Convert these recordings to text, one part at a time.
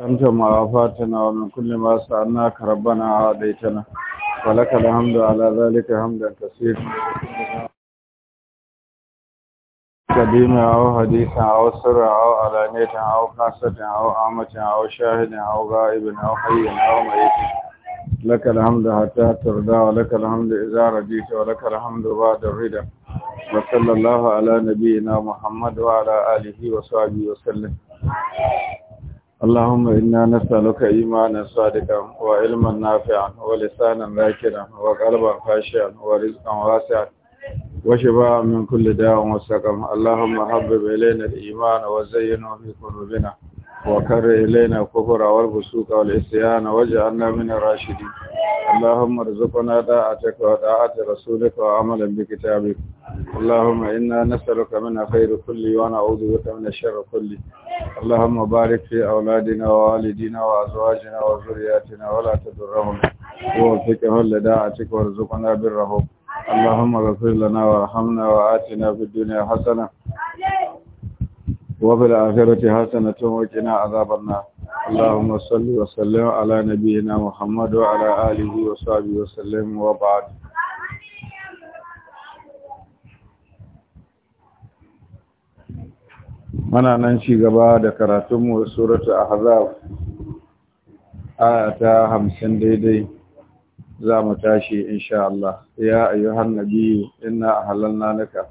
أنت ما وافاتنا ومن كل ما سألناك ربنا عاديتنا ولك الحمد على ذلك حمدا كثير قديما أو حديثا أو سرا أو علانية أو خاصة أو عامة أو شاهد أو غائب أو حي أو ميت لك الحمد حتى ترضى ولك الحمد إذا رجيت ولك الحمد بعد الرضا وصلى الله على نبينا محمد وعلى آله وصحبه وسلم اللهم إنا نسألك إيمانا صادقا وعلما نافعا ولسانا ذاكرا وقلبا خاشعا ورزقا واسعا وشفاء من كل داء وسقم اللهم حبب إلينا الإيمان وزينه في قلوبنا وكر إلينا كفر والبسوك والإسيان وجعلنا من الراشدين اللهم ارزقنا داعتك وطاعة رسولك وعملا بكتابك اللهم إنا نسألك من خير كل ونعوذ بك من الشر كل اللهم بارك في أولادنا ووالدينا وأزواجنا وذرياتنا ولا تضرهم ووفقهم لداعتك وارزقنا برهم اللهم اغفر لنا وارحمنا وآتنا في الدنيا حسنة وفي الآخرة حسنة وقنا عذاب النار اللهم صل وسلم على نبينا محمد وعلى آله وصحبه وسلم وبعد Mana nan ci gaba da karatunmu suratu Ahzab aya ta hamsin daidai za mu tashi insha Allah ya ayyuhan nabiyyu inna ahlalna laka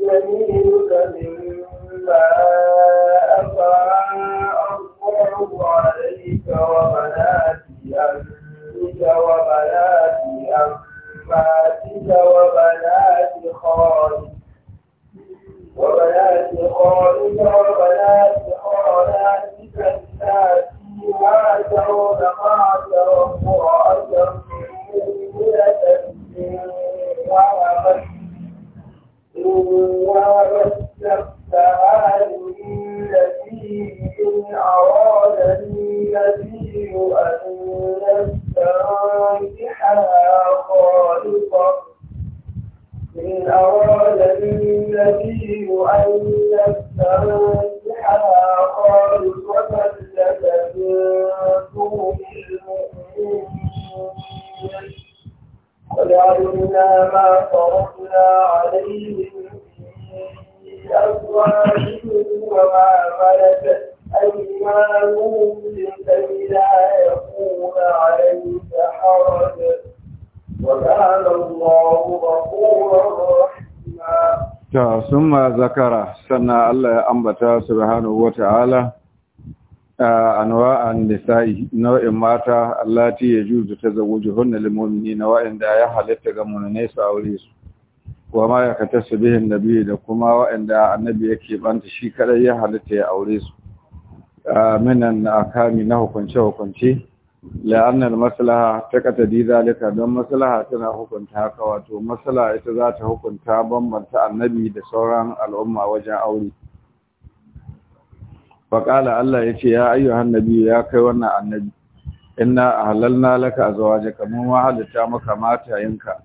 ta'ala anwa'an nisa'i nau'in mata allati yajuzu tazawwujuhunna lil mu'minina wa inda ya halatta ga mu'minai su aure su wa ma su bihin nabi da kuma wa'anda annabi yake banta shi kadai ya halatta ya aure su minan akami na hukunce hukunce la'anna maslaha ta katadi zalika don maslaha tana hukunta haka wato maslaha ita za ta hukunta bambanta annabi da sauran al'umma wajen aure faƙala Allah ya ce ya ayyuhan nabi ya kai wannan annabi inna ahlalna laka azwajaka mun wahalta maka matayenka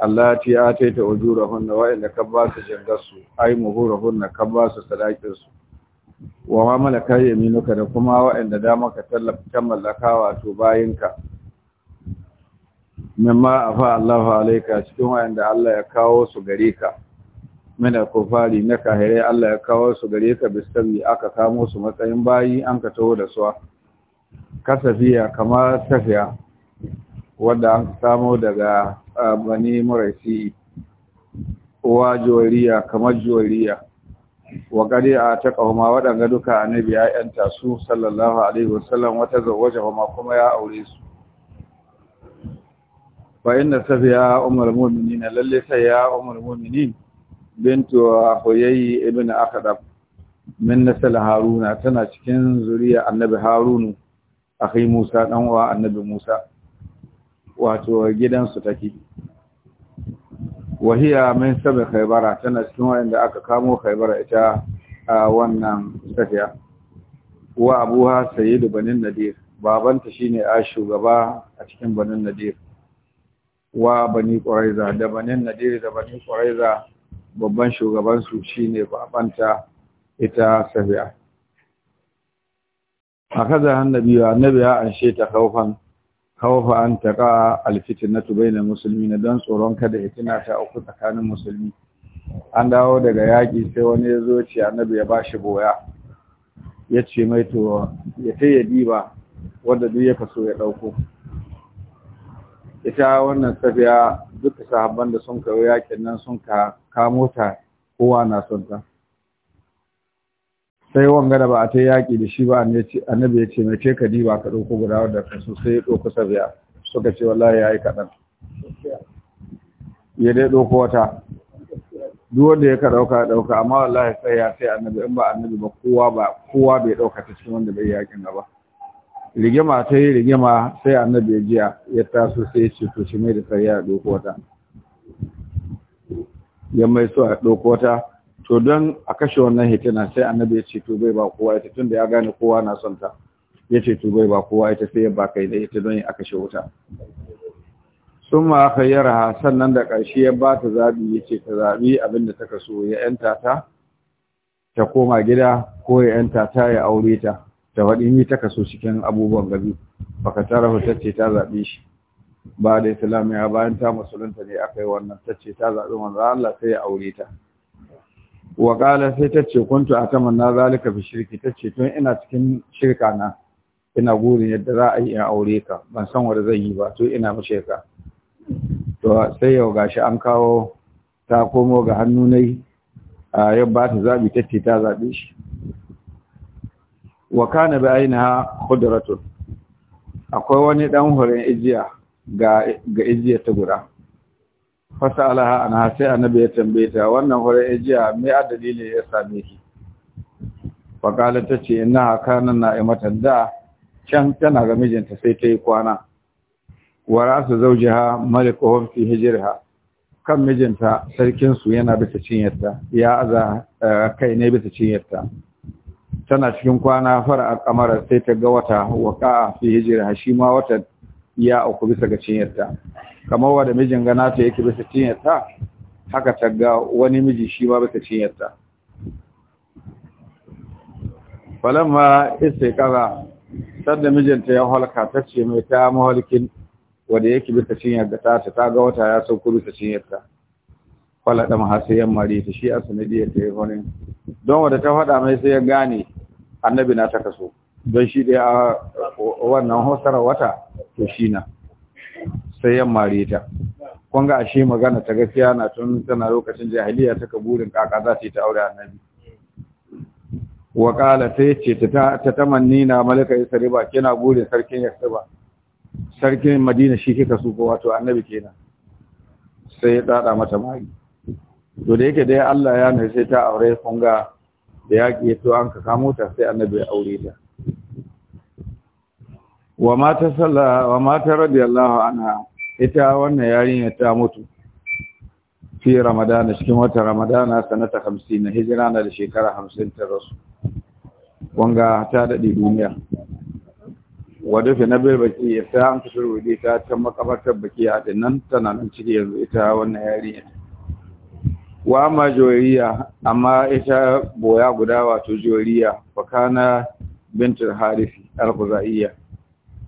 Allah ce ya taita ujurahunna wa inda ka ba su ai muhurahunna ka ba su wa ma malaka yaminuka da kuma wa'anda da maka tallafa mallaka wato bayinka mimma afa Allah alayka cikin wa'anda Allah ya kawo su gare ka mina kufari na kahirai Allah ya kawo su gare ka bistawi aka kamo su matsayin bayi an ka taho da suwa kasafiya kamar tafiya wadda an samo daga bani muraisi uwa juwariya kamar juwariya wa gari a ta kahuma waɗanda duka annabi ya yanta su sallallahu alaihi wasallam wata zawaje kuma kuma ya aure su fa inna safiya ummul mu'minin lalle sai ya Umar mu'minin bintu Huyayyi ibn Akhdab min nasal Haruna tana cikin zuriya Annabi Harunu akhi Musa dan uwa Annabi Musa wato gidansu take wahiya min sabi Khaybara tana cikin wanda aka kamo Khaybara ita a wannan safiya wa abuha sayyidu banin nadir babanta shine a shugaba a cikin banin nadir wa bani quraiza da banin nadir da bani quraiza babban shugabansu shine babanta ita safiya a kaza annabi wa annabi ya anshe ta kaufan kaufa an tubai alfitnatu musulmi muslimin don tsoron kada ya fitina ta auku tsakanin musulmi an dawo daga yaƙi sai wani ya zo ce annabi ya bashi boya ya ce mai to ya ta ya diba wanda duk ya kaso ya ɗauko ita wannan safiya duka sahabban da sun kawo yakin nan sun ka kamo ta kowa na son ta sai wanga da ba a ta yaki da shi ba annabi ya ce mai ce ka diba ka ɗauko guda wanda ka so sai ya ɗauko safiya suka ce wallahi ya yi kaɗan ya dai ɗauko wata duk wanda ya ka ɗauka ya ɗauka amma wallahi sai ya sai annabi in ba annabi ba kowa ba kowa bai ɗauka ta cikin wanda bai yakin ba rigima ta yi rigima sai annabi ya jiya ya taso sai ya ce to shi mai da tsari a ɗauko wata ya mai so a ɗauko wata to don a kashe wannan hitina sai annabi ya ce to bai ba kowa ita tun da ya gane kowa na son ta ya ce to bai ba kowa ita sai ya ba kai da ita don a kashe wuta sun ma raha, sannan da ƙarshe ya ba ta zaɓi ya ce ta zaɓi abin da ta kaso ya ‘yanta ta ta koma gida ko ya ‘yanta ta ya aure ta ta faɗi ni ta kaso cikin abubuwan gabi baka tara ce ta zaɓe shi ba da islamiya bayan ta musulunta ne aka yi wannan ta ce ta zaɓi manzo Allah sai ya aure ta wa qala sai tace kuntu atamanna zalika fi shirki ta ce, tun ina cikin shirka na ina gurin yadda za a yi in aure ka ban san wanda zai yi ba to ina mace ka to sai yau gashi an kawo ta komo ga hannu nai a yabba ta ta ce ta zaɓe shi wa kana bi ainiha khudratun akwai wani dan hurin ijiya ga ga ijiya ta guda fasalaha anha sai annabi ya tambaye ta wannan hurin ijiya me a ne ya same ki fakala ta ce ina kana imata da can tana ga mijinta sai ta yi kwana wa rasu zaujiha malikuhum fi hijriha kan mijinta sarkinsu yana bisa cinyarta ya aza eh, kai ne bisa cinyarta tana cikin kwana fara kamar sai ta ga wata waka fi hijira shi ma wata ya uku bisa ga cinyarta kamar wa da mijin gana ta yake bisa cinyarta haka ta ga wani miji shi ma bisa cinyarta falamma istiqara da mijinta ya halka ta ce mai ta mahalkin wanda yake bisa cinyar da ta ta ga wata ya sauko bisa cinyarta falada ma sai yan mare ta shi a sanadiyar ta wani don wadda ta faɗa mai sai ya gane annabi na ta kaso don shi a wannan hosara wata to shi na sai yan mare ta kun ga ashe magana ta gaskiya na tun tana lokacin jahiliya ta ka burin kaka za ta yi ta aure annabi wa sai ce ta tamanni na malaka yasriba kina burin sarkin yasriba sarkin madina shi kika so wato annabi kenan sai ya dada mata mari to da yake dai Allah ya nuna sai ta aure kun ga da yaƙi to an ka kamo ta sai annabi ya aure ta wa mata sallah wa mata radiyallahu anha ita wannan yarinya ta mutu fi ramadana cikin wata ramadana sanata 50 hijira na da shekara 50 ta rasu wanga ta dade duniya wadda fi na baki ya ta an kusur wuri ta can makabartar baki a dinnan tana nan ciki yanzu ita wannan yarinya wa amma joriya amma ita boya guda wato joriya fakana bintul harisi al-khuzaiya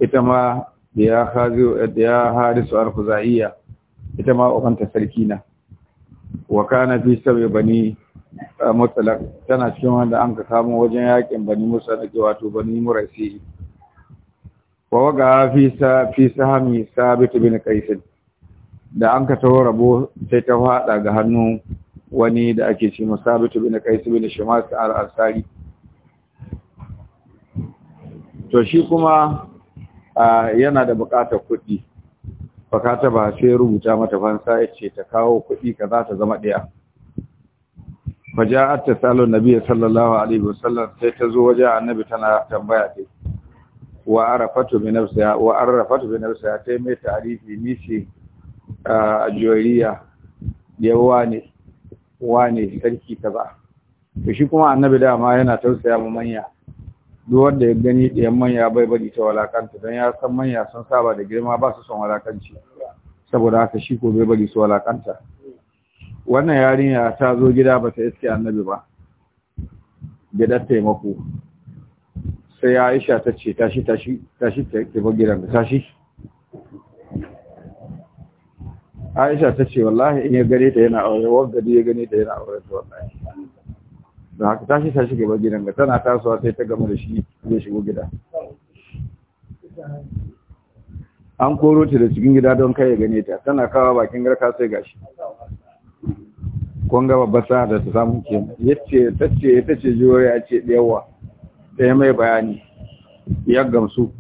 ita ma biya ya hazo ya harisu al ita ma ukanta sarki na wa kana fi sabi bani ah, mutlaq tana cikin wanda an ka samu wajen yakin bani musa da ke wato bani muraisi wa waga fi sa fi sahami sabit bin qais da an ka tawo rabo sai ta fada ga hannu wani da ake ce masabitu bin qais bin shimas al-ansari to shi kuma yana da bukatar kuɗi fakata ba sai rubuta mata fansa yace ta kawo kuɗi za ta zama ɗaya faja'at na nabiyyi sallallahu alaihi wasallam sai ta zo waje annabi tana tambaya ce wa arafatu bi nafsiha wa arafatu bi nafsiha ta mai ta'rifi ni a joriya yawa ne wane sarki kaza to shi kuma annabi dama yana tausaya mu manya duk wanda ya gani yan manya bai bari ta walakanta dan ya san manya sun saba da girma ba su son walakanci saboda haka shi ko bai bari su walakanta wannan yarinya ta zo gida ba ta iske annabi ba gidan taimako sai aisha ta ce tashi tashi tashi ta ke gidan tashi aisha ta ce wallahi in ya gane ta yana aure gadi ya gane ta yana aure ta wallahi don haka tashi ta shiga bar gidan ga tana tasowa sai ta gama da shi zai shigo gida an koro ta da cikin gida don kai ya gane ta tana kawo bakin garka sai gashi kun ga babbar sa da ta samu ke yace ta ce jore a ce yawa yi mai bayani ya gamsu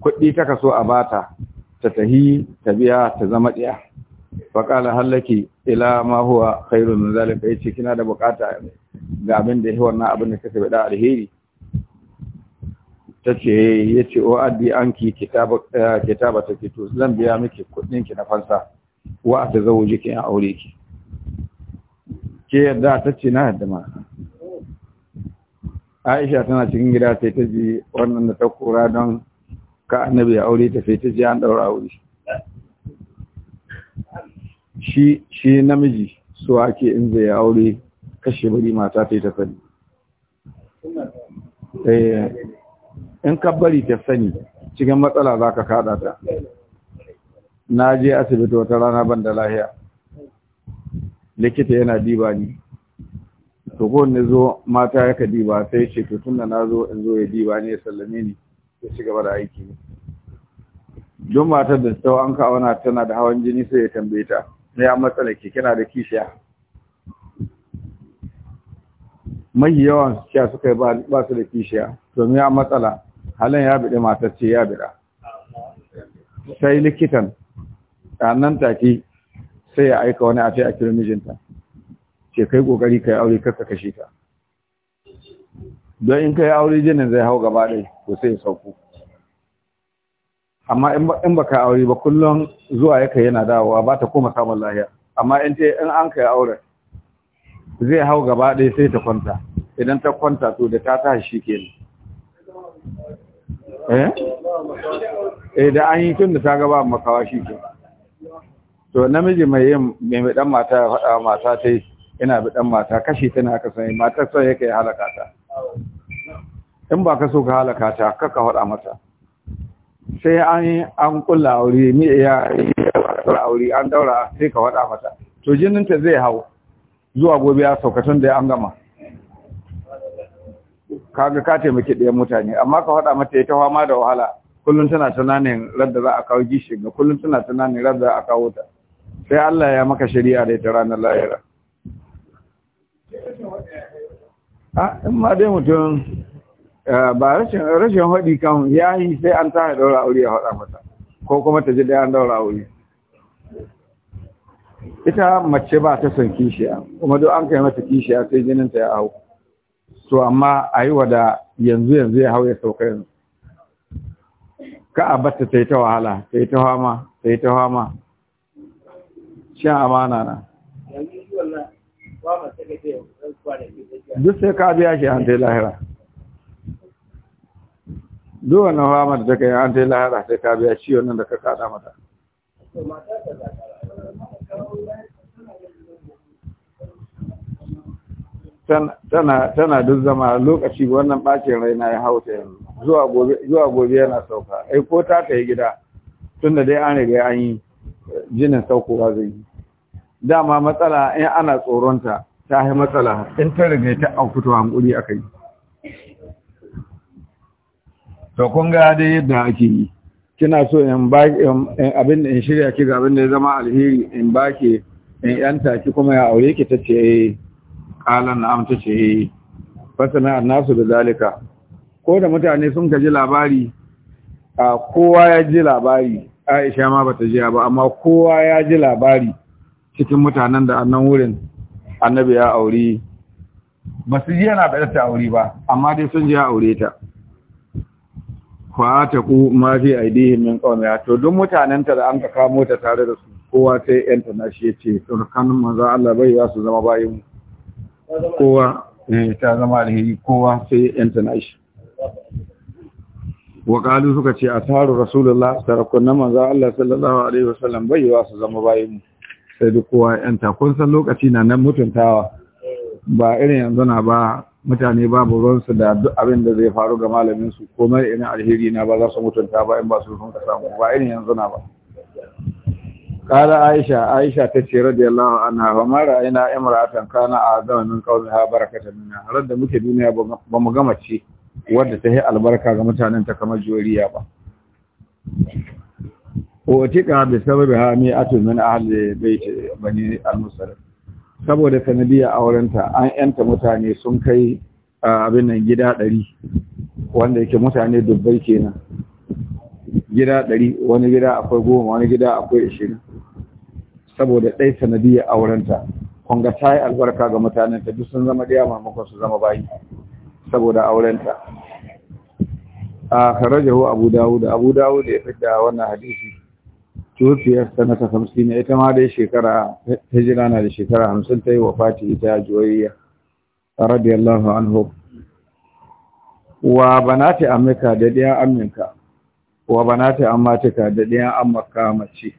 kuɗi ta kaso a bata ta tahi ta biya ta zama ɗaya faƙala hallaki ila ma huwa khairun min zalika yace kina da bukata ga abin da yake wannan abin da kake bada alheri tace yace o addi anki kitaba eh, kitaba take to zan biya miki kudin ki na fansa wa ta zauje ki aure ki ke yadda tace na yadda ma Aisha tana cikin gida sai ta ji wannan da ta kura don ka annabi ya aure ta sai ta ji an daura aure shi shi namiji so ake in zai aure kashe bari mata ta yi ta sani eh, in ka bari ta sani cikin matsala za ka kada ta na je asibiti wata rana ban da lahiya likita yana diba ni to ko ne zo mata yaka diba sai ce to da na zo in zo ya diba ne ya sallame ni ya ci gaba da aiki don matar da tsawon kawana tana da hawan jini sai ya tambaye ta sai an matsala ke kina da kishiya mai yawan kishiya suka yi ba su da kishiya domin ya matsala halin ya biɗe matacce ya biɗa sai likitan nan take sai ya aika wani a a kilomijinta mijinta ce kai kokari kai aure kakka kashe ta don in kai aure jinin zai hau gaba ɗai to sai ya sauko amma in baka aure ba kullum zuwa yake yana dawowa ba ta koma samun lahiya amma in ce in an kai auren zai hau gaba ɗaya sai ta kwanta idan ta kwanta to da ta tashi shi ke eh eh da an yi tun da ta gaba makawa shi ke to namiji mai yin mai dan mata ya faɗa mata ta yi ina bi dan mata kashi tana aka sani matar son yake halaka ta in ba ka so ka halaka ta kaka faɗa mata sai an an kulla aure ni ya aure an daura sai ka wada mata to jinin ta zai hau zuwa gobe ya saukatun da an gama kaga ka taimaki ɗayan mutane amma ka wada mata ita fama da wahala kullum tana tunanin radda za a kawo gishin ga kullum tana tunanin radda a kawo ta sai Allah ya maka shari'a da ita ranar lahira ah, a mutum Eh, ba rashin rashin haɗi kan yayi sai an ta daura aure ya haɗa mata ko kuma ta ji da an daura aure ita mace ba ta son kishiya kuma duk an kai mata kishiya sai jinin ta ya hau to amma a yi wada yanzu yanzu ya hau ya sauka yanzu ka a bata ta yi ta wahala ta yi ta hama ta yi ta hama shan amana na duk sai ka biya shi an ta lahira duk wannan famar da ka yi an ta yi lahara sai ka biya ciwon nan da ka kada mata tana duk zama lokaci wannan rai raina ya hauta yanzu zuwa gobe yana sauka ai ko ta ta yi gida tunda dai an riga an yi jinin saukowa zai yi dama matsala in ana tsoronta ta yi matsala in ta riga ta aukuta hankuri a kai to kun ga dai yadda ake yi kina so in ba abin da in shirya ki ga abin da ya zama alheri in ba ki in yanta ki kuma ya aure ki ta ce kalan eh, na'am ta ce eh, fasana annasu da zalika ko da mutane sun ka ji labari a kowa ya ji labari Aisha ma bata ji ba amma kowa ya ji labari cikin mutanen da annan wurin annabi ya aure ba su ji yana da ta aure ba amma dai sun ji ya aure ta fa ku ma fi aidihim min qawmi to duk mutanen ta da an ka kamo ta tare da su kowa sai yan ta nashi yace kan manzo Allah bai za su zama bayin kowa eh, ta zama alheri kowa sai yan ta nashi wa qalu suka ce asaru rasulullah sarakun manzo Allah sallallahu alaihi wasallam bai za su zama bayin sai duk kowa yan ta kun san lokaci na nan mutuntawa ba irin yanzu na ba mutane babu ruwansu da duk abin da zai faru ga malamin su komai ina alheri na ba za su mutunta ba in ba su sun kasa samu ba irin yanzu na ba qala aisha aisha ta ce radiyallahu anha wa ma ra'ayna imra'atan kana a'zama min ha barakatan minna har da muke duniya ba mu gama ce wadda ta yi albarka ga mutanen ta kamar joriya ba wa tika bi sababi ha mi atu min ahli bait bani al-musallin saboda sanadiyar aurenta an yanta mutane sun kai abin nan gida ɗari wanda yake mutane dubbai kenan gida ɗari wani gida akwai goma wani gida akwai ashirin saboda ɗai sanadiyar aurenta kunga ta yi albarka ga mutanen ta duk sun zama ɗaya maimakon su zama bayi saboda aurenta a karajahu abu dawud abu dawud ya fidda wannan hadisi tufiyar sanata hamsin ita ma dai shekara hijira na da shekara hamsin ta yi wa fati ita juwayya radiyallahu anhu wa banati amika da ɗiya aminka wa banati ammatika da ɗiyan ammaka mace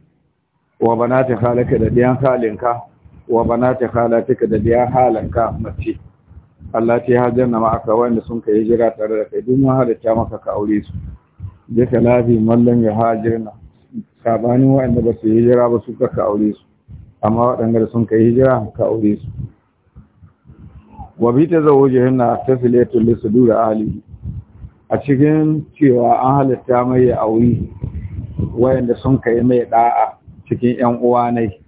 wa banati halaka da ɗiya halinka wa banati halatika da ɗiya halanka mace Allah ta hajjar na ma'aka wanda sun kai hijira tare da kai duk da halitta maka ka aure su jika lafi mallan ya na sabanin waɗanda ba su yi hijira ba su ka aure su amma waɗanda sun kai hijira ka aure su wa bi ta zawujihinna tasilatu li sudur ahalihi a cikin cewa an halitta mai ya aure waɗanda sun kai mai da'a cikin ƴan uwa ne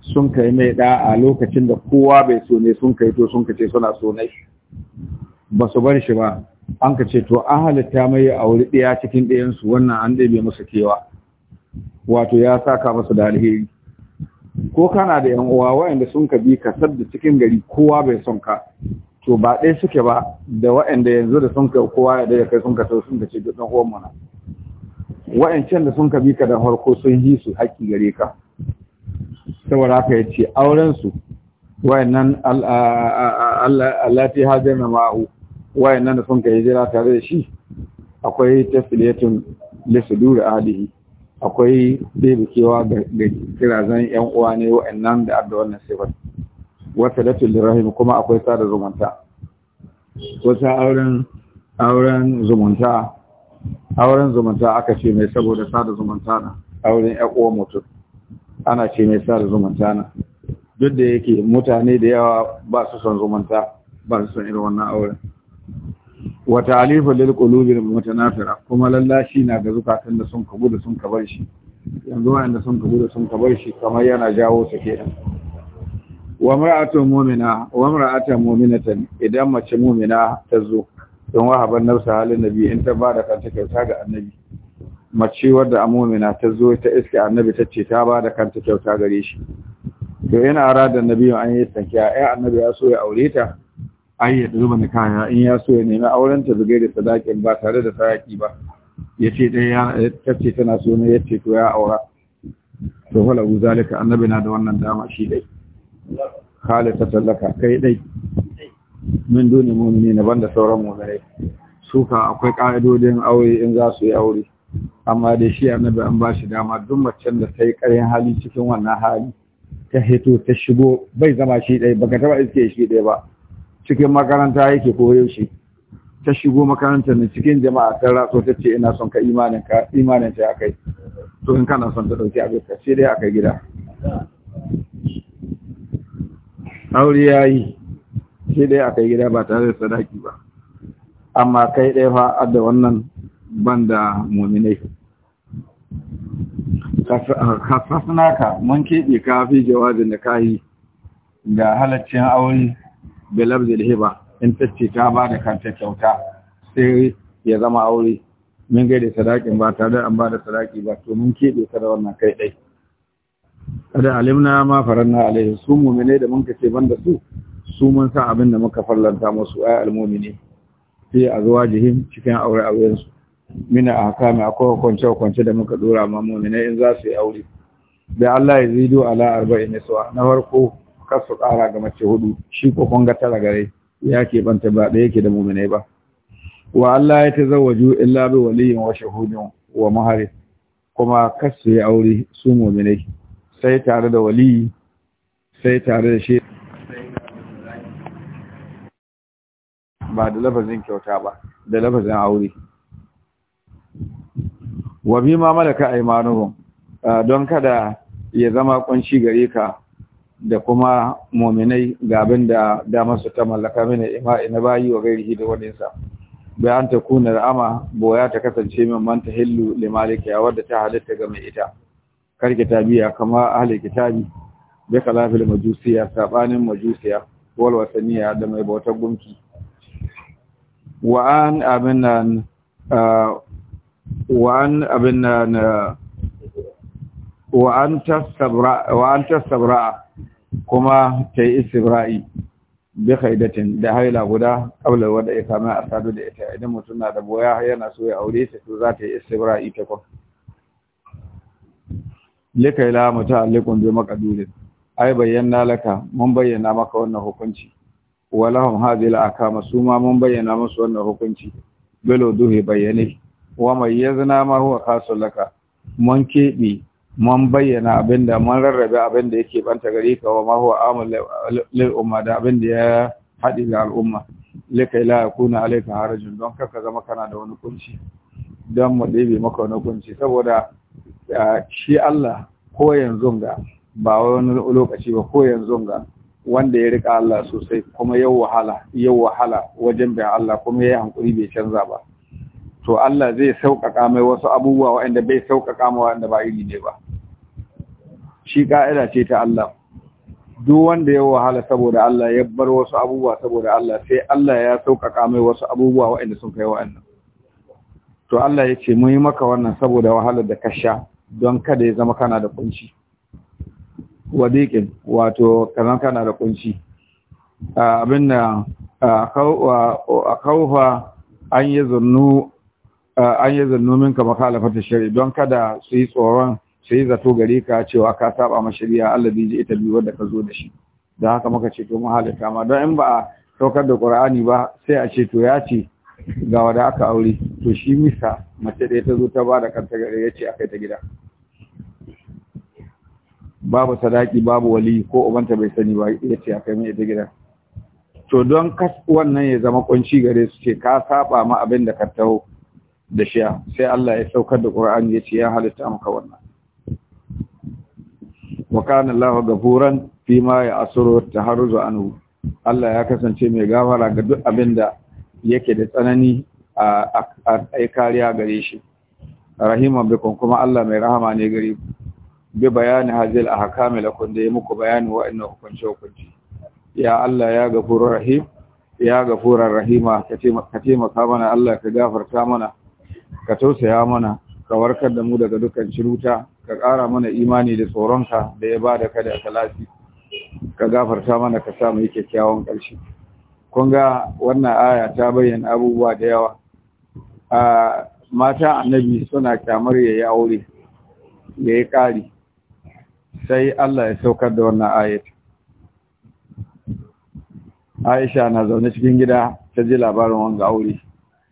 sun kai mai da'a lokacin da kowa bai so ne sun kai to sun ka ce suna so ne ba su bar shi ba an ka ce to an halitta mai ya aure ɗaya cikin ɗayansu wannan an ɗebe musu kewa wato ya saka masu da alheri ko kana da yan uwa waɗanda sun ka bi ka sadda cikin gari kowa bai son ka to ba ɗaya suke ba da waɗanda yanzu da sun ka kowa ya da kai sun ka sun ka ce duk ɗan uwan mu na da sun ka bi ka da farko sun yi su haƙƙi gare ka saboda haka ya ce auren su wayannan Allah ta hajjar na ma'u wayannan da sun ka hijira tare da shi akwai tafiletun lissu dura alihi akwai kewa ga kirazan ‘yan uwa ne wa'annan da adda wannan sifar wata da rahim kuma akwai sada zumunta wata auren auren zumunta auren zumunta aka ce mai saboda sada zumunta na auren ‘yan uwa mutum ana ce mai sada zumunta na duk da yake mutane da yawa ba su son zumunta ba su son irin wannan auren wa ta'alifu lil qulubil mutanafira kuma lallashi na ga zukatan da sun kabu da sun kabar shi yanzu inda sun kabu da sun kabar shi kamar yana jawo su kenan wa mar'atu mu'mina wa mar'atu mu'minatan idan mace mu'mina ta zo don wahaban nafsa halin nabi in ta bada kanta kyauta ga annabi mace wadda a mu'mina ta zo ta iske annabi ta ce ta bada kanta kyauta gare shi to yana arada nabi an yi tsakiya ai annabi ya so ya aure ta ai ya zuba ni kaya in ya so ya nemi auren ta zuge da sadakin ba tare da sadaki ba ya ce dai ya tace tana so ne ya ce to ya aura to wala hu zalika annabi na da wannan dama shi dai ta tallaka kai dai min duni mu'mini na banda sauran mu'minai suka akwai ka'idodin aure in za su yi aure amma dai shi annabi an ba shi dama duk macen da ta yi ƙarin hali cikin wannan hali ta hito ta shigo bai zama shi ɗaya baka taba iske shi ɗaya ba cikin makaranta yake ko yaushe ta shigo makaranta ne cikin jama'a ta raso ta ce ina son ka imanin ka imanin ta akai to in kana son ta dauki abin ka sai dai akai gida aure yayi sai dai akai gida ba tare da sadaki ba amma kai dai fa adda wannan banda mu'minai kasasnaka mun keɓe ka fi jawabin da nikayi ga halaccin aure bilabzil zilheba in tace ta ba da kanta kyauta sai ya zama aure min gaida sadakin ba tare an ba da sadaki ba to mun keɓe ta da wannan kai ɗai kada alimna ma faranna alaihi su mu'mine da mun ce ban da su su mun sa abin da muka fallanta musu Sai a fi azwajihim cikin aure auren su mina ahkami akwai kwance kwance da muka dora ma mu'mine in za su yi aure da Allah ya zido ala arba'in na farko kar su ƙara ga mace hudu shi ko kun ga tara gare ya ke banta ba da yake da muminai ba wa Allah ya tazawwaju illa bi waliyin wa shahudin wa mahari kuma kar su yi aure su muminai sai tare da waliyi sai tare da shi ba da lafazin kyauta ba da lafazin aure wa bi ma malaka aymanuhum don kada ya zama kunshi gare ka da kuma muminai ga abin da damar su ta mallaka mini ima'i na bayi wa gairi da waninsa bai an ta kuna ra'ama boya ta kasance min manta hillu limaliki ya wadda ta halitta ga mai ita kar biya, kama ahli kitabi bai kalafil majusiya sabanin majusiya wal wasaniya da mai bautar gunki wa an abin nan ah, wa an abin ah, wa an sabra'a kuma ta yi isra'i bi haidatin da haila guda kawai wanda ya kama a sadu da ita idan mutum na da boya yana so ya aure ta to za ta yi isra'i ta kwa lika ila muta'alliqun zai makadurin, ai bayyana laka mun bayyana maka wannan hukunci walahum a kama su ma mun bayyana musu wannan hukunci bilo duhe bayyane wa mai yanzu na mahuwa kasu laka mun keɓe mun bayyana abinda mun rarrabe abinda yake banta gari ka wa ma huwa amul lil umma da abinda ya haɗi ga al'umma Ili-kai, la yakuna alayka harajun don kaka zama kana da wani kunci don mu maka wani kunci saboda shi Allah ko yanzu ga ba wani lokaci ba ko yanzu ga wanda ya rika Allah sosai kuma yau wahala yau wahala wajen bayan Allah kuma yayi hankuri bai canza ba to Allah zai sauƙaƙa mai wasu abubuwa waɗanda bai sauƙaƙa mai waɗanda ba iri ne ba shi ka'ida ce ta Allah duk wanda ya wahala saboda Allah ya bar wasu abubuwa saboda Allah sai Allah ya sauƙaƙa mai wasu abubuwa waɗanda sun kai waɗannan to Allah ya ce mun yi maka wannan saboda wahalar da ka sha don kada ya zama kana da kunci wadiƙin wato kana kana da kunci abin da a kaufa an yi zannu an yi zannu minka makalafata shari'a don kada su yi tsoron sai zato gare ka cewa ka saba ma shari'a Allah bai ji ita biyu wanda ka zo da shi da haka muka ce to mu halitta ma don in ba a saukar da Qur'ani ba sai a ce to ya ce ga wanda aka aure to shi misa mace da ta zo ta ba da kanta gare ya ce akai ta gida babu sadaki babu wali ko ubanta bai sani ba ya ce akai mai ta gida to don kas wannan ya zama kunci gare su ce ka saba ma abin da ka taho da shi sai Allah ya saukar da Qur'ani ya ce ya halitta maka wannan wa kana Allahu gafuran fi ma ya'suru taharruzu anhu Allah ya kasance mai gafara ga duk abin da yake da tsanani a kariya gare shi rahima bikum kuma Allah mai rahama ne gare ku bi bayani hazil ahkami lakum da ya muku bayani wa'annan hukunce hukunci ya Allah ya gafurur rahim ya gafurar rahima ka taimaka mana Allah ka gafarta mana ka tausaya mana ka warkar da mu daga dukkan ciruta ka ƙara mana imani da tsoronka da ya ba da ka da salati ka gafarta mana ka samu yi kyakkyawan ƙarshe kun ga wannan aya ta bayyana abubuwa da yawa a mata annabi suna kyamar ya yi aure ya yi ƙari sai Allah ya saukar da wannan ayat Aisha na zaune cikin gida ta ji labarin wanga aure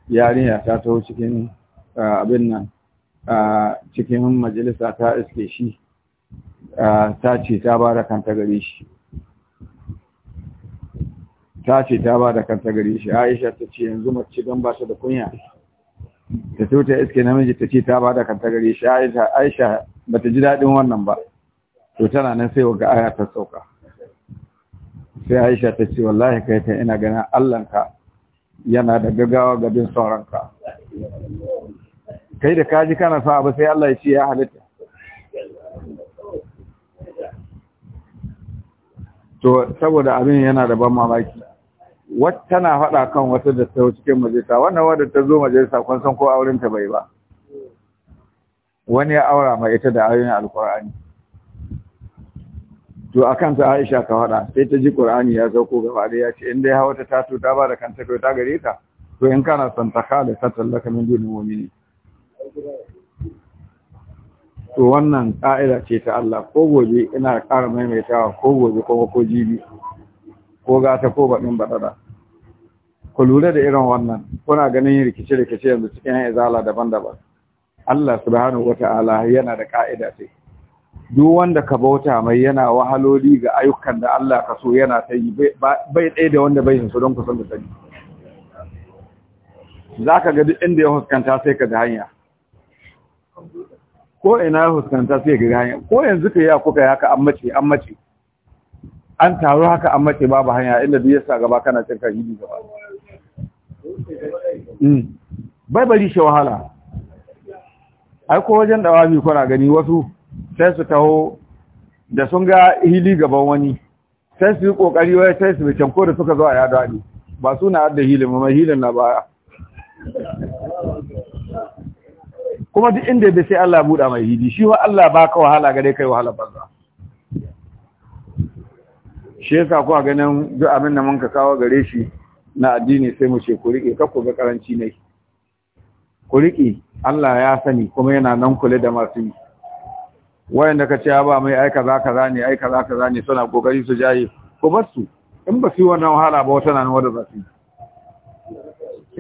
yarinya ta taho cikin abin nan A cikin majalisa ta iske shi ta ce ta ba da kanta gare shi ta ce ta ba da kanta gare shi aisha ta ce yanzu mace don ba ta da kunya ta so ta iske namiji ta ce ta ba da kanta gare shi aisha ba ta ji daɗin wannan ba to tana nan sai waga aya ta sauka sai aisha ta ce wallahi kai ta ina ganin allanka yana da gaggawa ga bin sauranka kai da kaji kana sa abu sai Allah ya ce ya halitta to saboda abin yana da ban mamaki tana faɗa kan wata da ta cikin majalisa wannan wadda ta zo majalisa kun san ko auren ta bai ba wani ya aura mai ita da ayoyin alkur'ani to akan ta Aisha ka faɗa sai ta ji Qur'ani ya sauko gaba da ya ce in dai hawa ta tato ta ba da kanta kai ta gare ta to in kana son ta khala ta tallaka min dun mu'mini to wannan ƙa'ida ce ta Allah ko gobe ina ƙara maimaitawa ko gobe ko ko jibi ko gata ko baɗin baɗaɗa ku lura da irin wannan kuna ganin rikice-rikice yanzu cikin yan izala daban-daban Allah subhanahu wata'ala yana da ka'ida ce duk wanda ka bauta mai yana wahaloli ga ayyukan da Allah ka so yana ta yi bai ɗaya da wanda bai hinsu don kusan da sani za ka ga duk inda ya huskanta sai ka ga hanya ko ina huskanta sai ga hanya ko yanzu ka ya kuka haka an mace an mace an taru haka an mace babu hanya inda duk yasa gaba kana cin kahidi gaba mm bai bari shi wahala ai ko wajen dawami kuna gani wasu sai su taho da sun ga hili gaban wani sai su yi kokari wai sai su bican ko da suka zo a yado ba su na da hilin mai hilin na baya kuma duk inda bai sai Allah buɗa mai hidi shi wa Allah ba ka wahala gare kai wahala za shi yasa kuwa ganin duk abin da mun ka kawo gare shi na addini sai mu ce ku rike ka ku ga karanci ne ku rike Allah ya sani kuma yana nan kule da masu yi wayanda ka ce ba mai ai kaza kaza ne ai kaza kaza ne suna kokari su jaye ku bar su in ba su yi wannan wahala ba wata nan wadda za su yi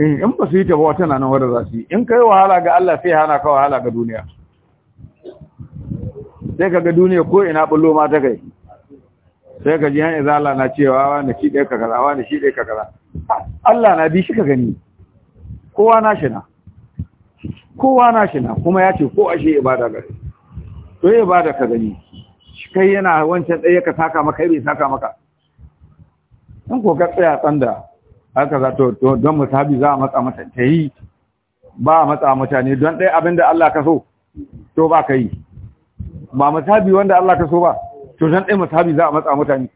Eh, in ba su yi ta ba wata nan wadda za su yi in kai wahala ga Allah sai hana ka wahala ga duniya sai ka ga duniya ko ina bullo ma ta kai sai ka ji yan Allah na cewa na shi ɗaya kakara na shi ɗaya kakara Allah na bi shi ka gani kowa na shi na kowa na shi na kuma ya ce ko ashe ibada gare to yi ibada ka gani shi kai yana wancan ɗaya ka saka maka bai saka maka in ko ka tsaya tsanda haka za to don musabi za a matsa mata ta yi ba a matsa mutane don ɗaya abin da Allah ka so to ba ka yi ba musabi wanda Allah ka so ba to don ɗaya musabi za a matsa mutane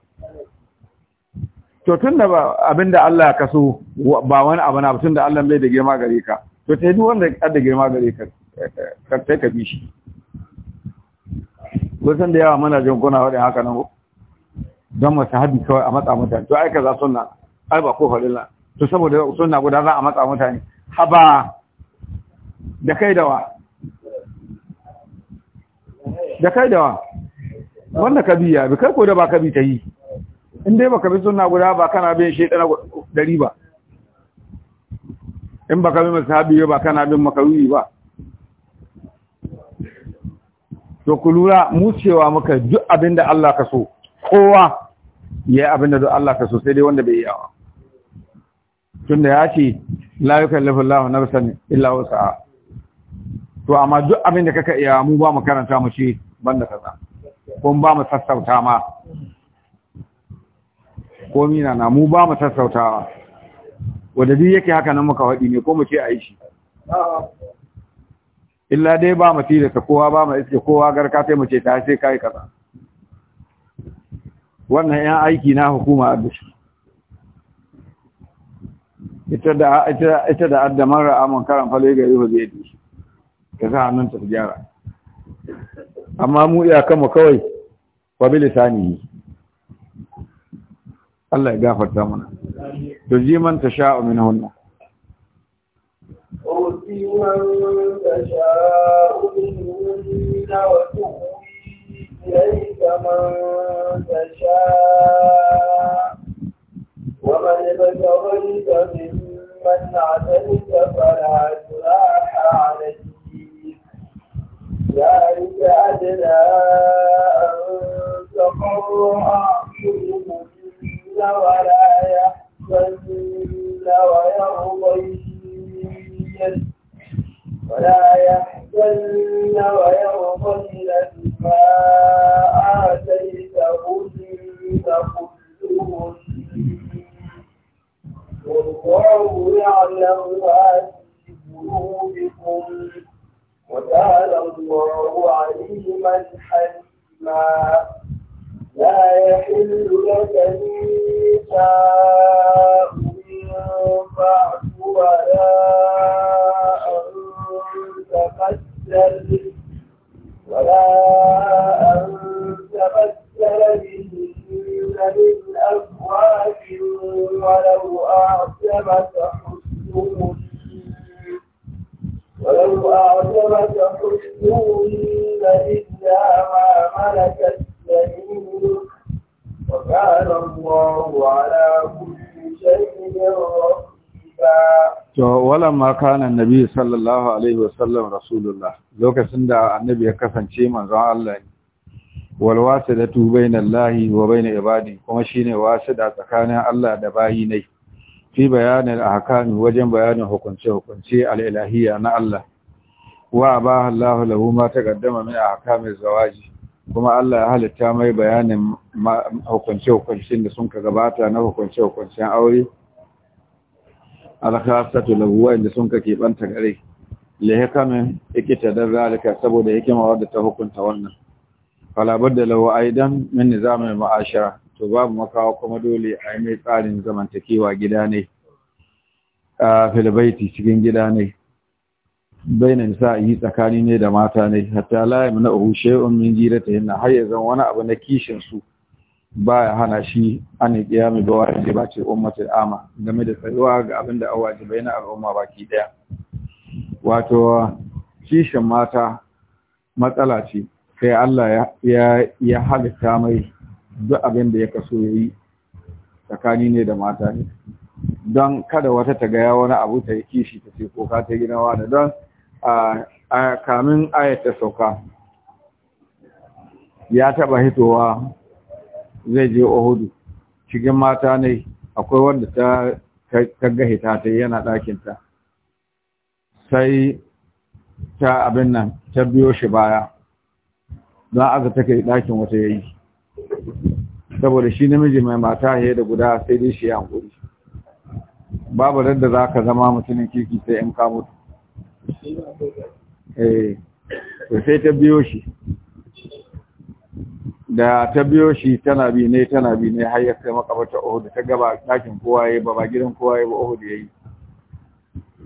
to tun da abin da Allah ka so ba wani abu na tun da Allah bai da girma gare ka to ta yi wanda ka da girma gare ka sai ka bi shi kusan da yawa mana jin kuna wadda haka nan don musabi kawai a matsa mutane to aika za na. ai ba ko farilla to saboda sunna guda za a matsa mutane haba da kai dawa da kai dawa wanda ka biya bi kai ko da ba ka bi ta yi in dai baka bi sunna guda ba kana bin shaytana dari ba in baka bi masahabi ba kana bin makawi ba to ku lura mu cewa muka duk abinda Allah ka so kowa ya abinda duk Allah ka so sai dai wanda bai yi yawa tunda ya ce la yukallifu na nafsan illa sa'a. to amma duk abin da kaka iya mu ba mu karanta mu ce da kaza kun ba mu sassauta ma ko mina na mu ba mu sassautawa wadda duk yake haka nan muka wadi ne ko mu ce yi shi illa dai ba mu tira ta kowa ba mu iske kowa garka sai mu ce ta sai kai kaza wannan yan aiki na hukuma a dushi ita da ita da adda mara amon karan fale ga yi ka sa hannun ta gyara amma mu iya kama kawai wa bi yi. Allah ya gafarta mana to ji man ta sha'u min hunna أوتي من تشاء منهن وتؤوي إليك من تشاء قلت ممن عدلت فلا جناح عليك ذلك أدنى أن تقر أعينهن ولا يحزن ويرضين ولا يحزن ويرضين annabi sallallahu alaihi wasallam rasulullah lokacin da annabi ya kasance manzon Allah wal wasilatu bainallahi wa bain ibadi kuma shine wasida tsakanin Allah da bayi ne fi bayanin ahkami wajen bayanin hukunce hukunce al-ilahiyya na Allah wa abaha Allah lahu ma taqaddama min ahkamiz zawaji kuma Allah ya halitta mai bayanin hukunce hukuncin da sun ka gabata na hukunce hukuncen aure alkhasatu lahu wa'inda sun ka ɓanta gare lihikamin ikita don zalika saboda hikima wadda ta hukunta wannan falabar da lahu aidan min nizamin ma'ashara to babu makawa kuma dole a yi mai tsarin zamantakewa gida ne a filibaiti cikin gida ne baina nisa yi tsakani ne da mata ne hatta la yamna uhu shay'un min jiratihinna har zama wani abu na kishin su baya hana shi an yi kiyami ga wajibi ba ce ummatul ama game da tsayuwa ga abin da bai na al'umma baki ɗaya. wato kishin mata matsala ce sai Allah ya ya halitta mai duk abin da ya kaso yayi tsakani ne da mata ne don kada wata ta gaya wani abu ta yi kishi ta ce ko ka ta gina da don a kamin ayat ta sauka ya taba hitowa zai je ohudu cikin mata ne akwai wanda ta kaggahe ta ta yana ɗakinta sai ta abin nan ta biyo shi baya Za a aza take ɗakin wata yayi saboda shi namiji mai mata ya da guda sai dai shi ya hankuri babu radda za ka zama mutumin kirki sai in ka mutu eh sai ta biyo shi da ta biyo shi tana bi ne tana bi ne har ya kai makabarta Uhud ta gaba ɗakin kowa yayi ba gidan kowa yayi ba Uhud yayi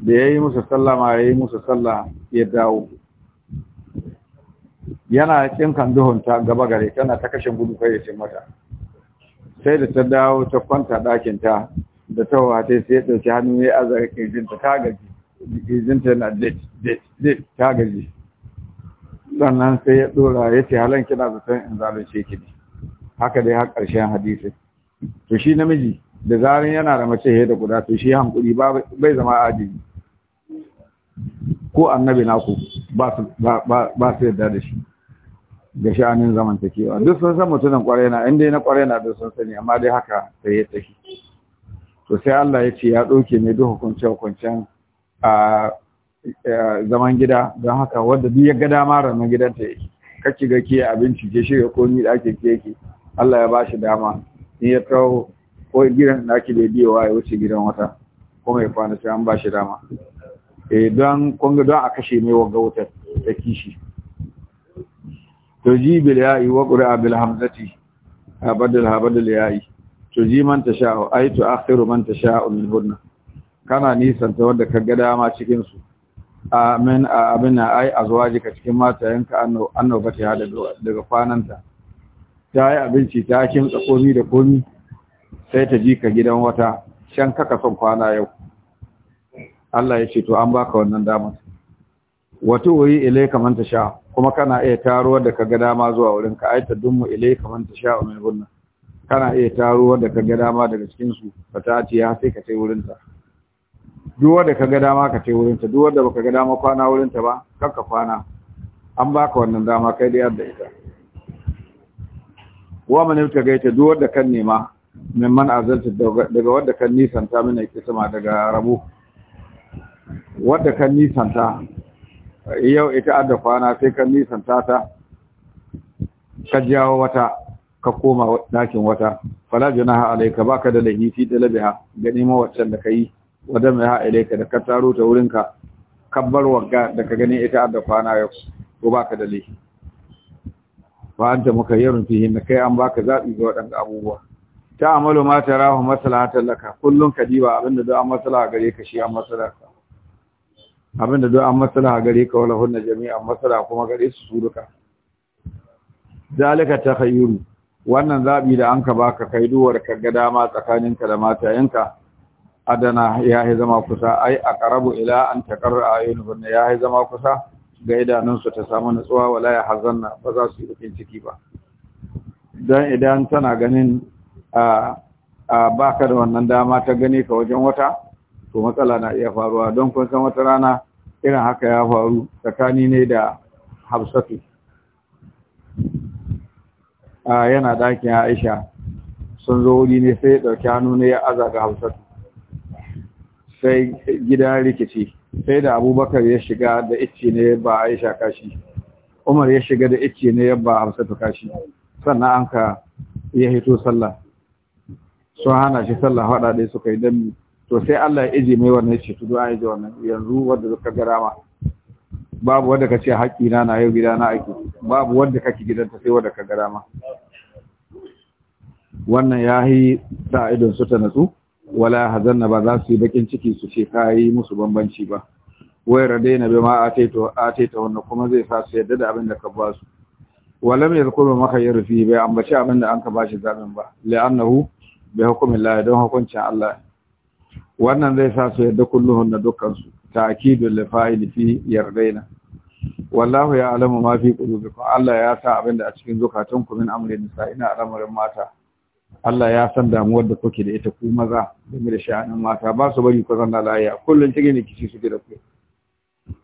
da yayi musu sallama yayi musu sallah ya dawo yana kinkan duhun ta gaba gare tana ta kashin gudu kai ya ce mata sai da ta dawo ta kwanta dakin ta da ta wata sai ya dauki hannu ya azara kirjinta ta gaji kirjinta na date date date ta gaji sannan sai ya dora ya ce halan kina zaton in zalunce sheki ne haka dai har ƙarshen hadisi to shi namiji da zarin yana da mace da guda to shi hankuri bai zama adili ko annabi naku ba ba su yarda da shi ga sha'anin zamantakewa duk sun san mutumin kwarai na inda na kwarai na duk sun sani amma dai haka sai ya tafi to sai Allah ya ce ya ɗauke ne duk hukuncin. hukuncen a Eh, zaman gida don haka wanda duk ya ga dama ranar gidanta yake kake ga ke abinci ke shirya ni da ake ke ke. Allah ya bashi dama in ya kawo ko gidan da ake da biyawa ya wuce gidan wata kuma ya kwana sai an bashi dama eh don kun don a kashe mai wagga wutar ta kishi to ji bil ya'i wa qur'a bil hamzati abadal habadal ya'i to ji man tasha'u ay tu akhiru man tasha'u min hunna kana nisan ta wanda ka ga dama cikin su amin abin na ai azwajika cikin matayenka annobata ya daga kwananta ta yi abinci ta kimtsa komi da komi sai ta ji ka gidan wata can kaka son kwana yau Allah ya ce to an baka wannan damar wato wuri ilai kaman ta sha kuma kana iya taruwa da kaga dama zuwa wurin ka aita dummu ilai kaman ta sha umin hunna kana iya taruwa da kaga dama daga cikin su ce ya sai ka sai wurin ta duk wanda kaga ga dama ka ce wurinta duk wanda baka ga dama kwana wurinta ba kar ka kwana an baka wannan dama kai da yadda ita wa man yabta gaita duk wanda kan nema min man azalta daga wanda kan nisanta mina kisma daga rabu wanda kan nisanta yau ita adda kwana sai kan nisanta ta ka jawo wata ka koma dakin wata fala jinaha alayka baka da lahifi talabiha ga nemo waccan da kai wadda mai ka da ka taro ta wurinka kabbar wagga da ka gani ita da kwana yau ko baka da laifi fa anta mukayyarun fihi na kai an baka zabi ga waɗanda abubuwa ta amalu ma tarahu maslahatan laka kullun kadiba abinda do an maslaha gare ka shi an maslaha abinda do an maslaha gare ka wala hunna jami'an maslaha kuma gare su su duka zalika khayyuru wannan zabi da an ka baka kai duwar ka ga dama tsakaninka da matayenka adana ya yi zama kusa ai a karabu ila an takar a yi ya yi zama kusa ga idanunsu ta samu nutsuwa wala ya hazanna ba za su yi bakin ciki ba don idan tana ganin ba ka da wannan dama ta gani ka wajen wata to matsala na iya faruwa don kun san wata rana irin haka ya faru tsakani ne da hafsatu yana dakin aisha sun zo wuri ne sai ya ɗauki hannu ne ya aza ga hafsatu sai gida rikici sai da abubakar ya shiga da ice ne ba aisha kashi umar ya shiga da ice ne ba hamsatu kashi sannan an ka ya hito sallah sun hana shi sallah hada su suka yi dami to sai Allah ya iji mai wannan ce tudu an ije wannan yanzu wanda suka gara ma babu wanda ka ce haƙƙi na na yau gida na ake babu wanda kake gidanta sai wadda ka gara ma wannan ya yi sa idon su ta natsu wala hazanna ba za su yi bakin ciki su ce ka yi musu bambanci ba wai na bi ma a taita wannan kuma zai sa su yadda da abin da ka ba su mai yadhkuru maka yi fi bai ambaci abin da an ka bashi zamin ba li'annahu hukumin hukmillah don hukuncin Allah wannan zai sa su yadda kulluhun na dukkan su ta'kidul lifa'il fi yardaina wallahu ya alamu mafi fi qulubikum Allah ya sa abin da a cikin zukatanku min amrin ina al'amarin mata Allah ya san damuwar da kuke da ita ku maza game da sha'anin mata ba su bari ku zanna lafiya kullun cikin rikici suke da ku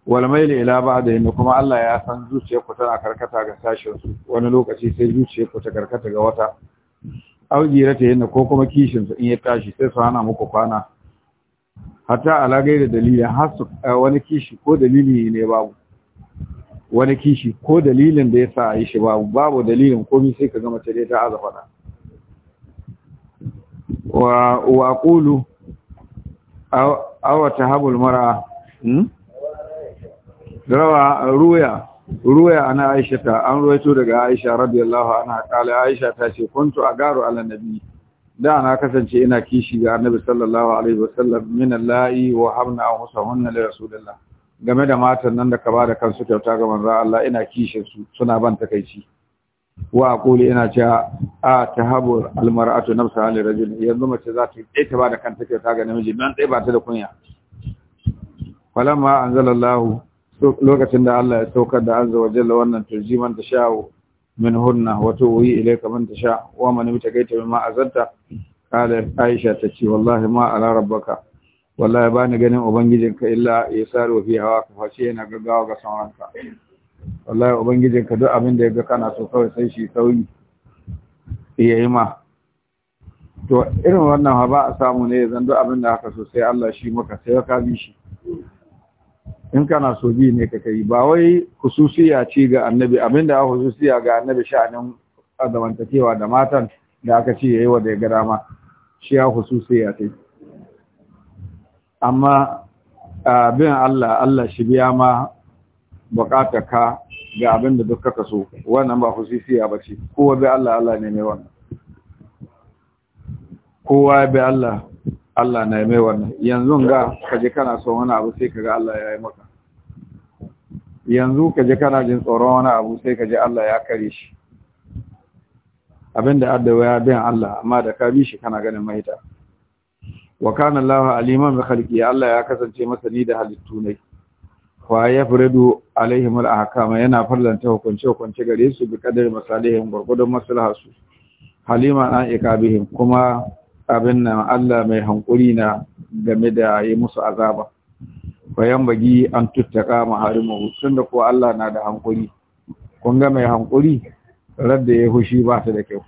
wal mail ila ba'dahin kuma Allah ya san zuciyar ku tana karkata ga sashin su wani lokaci sai zuciyar ku ta karkata ga wata aujira ta yin ko kuma kishin su in ya tashi sai su hana muku kwana hatta ala da dalili har su eh, wani kishi ko dalili ne babu wani kishi ko dalilin da yasa a yi shi babu babu dalilin komai sai ka gama ta dai ta azafa wa wa qulu aw tahabul mar'a hmm rawa ruya ruya ana aisha ta an ruwaito daga aisha radiyallahu anha kala aisha ta ce kuntu agaru ala nabi da na kasance ina kishi ga annabi sallallahu alaihi wasallam min allahi wa habna husahunna li rasulillah game da matan nan da ka bada kansu kyauta ga manzo Allah ina kishin su suna ban takeici wa aquli ina cewa a tahabu almar'atu nafsaha li rajul yanzu mace za ta yi ta ba da kanta ta ga namiji dan dai ba ta da kunya falamma anzalallahu lokacin da Allah ya saukar da azza wa jalla wannan turjiman ta sha'u min hunna wa tuwi ilayka man tasha wa man gaita bima azanta kala Aisha ta ce wallahi ma ala rabbaka wallahi bani ganin ubangijinka illa yasaru fi hawa ka face yana gaggawa ga sauranka wallahi ubangijin ka duk abin da ya kana so kawai sai shi sauyi ya yi ma to irin wannan ba a samu ne zan duk abin da aka so sai Allah shi maka sai ka bi shi in kana so bi ne ka kai ba wai hususiya ce ga annabi abin da hususiya ga annabi sha'anin azamantakewa da matan da aka ce yayi wa da ya gara dama shi ya hususiya ce amma bin Allah Allah shi biya ma bukatar ka ga abin da duk kaka so wannan ba hususiya ba ce kowa bai Allah Allah ne mai wannan kowa bai Allah Allah ne mai wannan yanzu ga kaje kana so wani abu sai kaga Allah ya yi maka yanzu kaje kana jin tsoron wani abu sai kaje Allah ya kare shi abinda addawa ya bayan Allah amma da ka bi shi kana ganin mahita wa kana Allah aliman bi khalqi Allah ya kasance masani da halittu ne wa ya furedu alaihim al yana farlanta hukunce hukunce gare su bi kadar masalihin gurgudun maslaha su halima an ikabihim kuma abin nan Allah mai hankuri na game da yi musu azaba bayan bagi an tuttaka maharimu da ko Allah na da hankuri kun ga mai hankuri radda ya hushi ba ta da kyau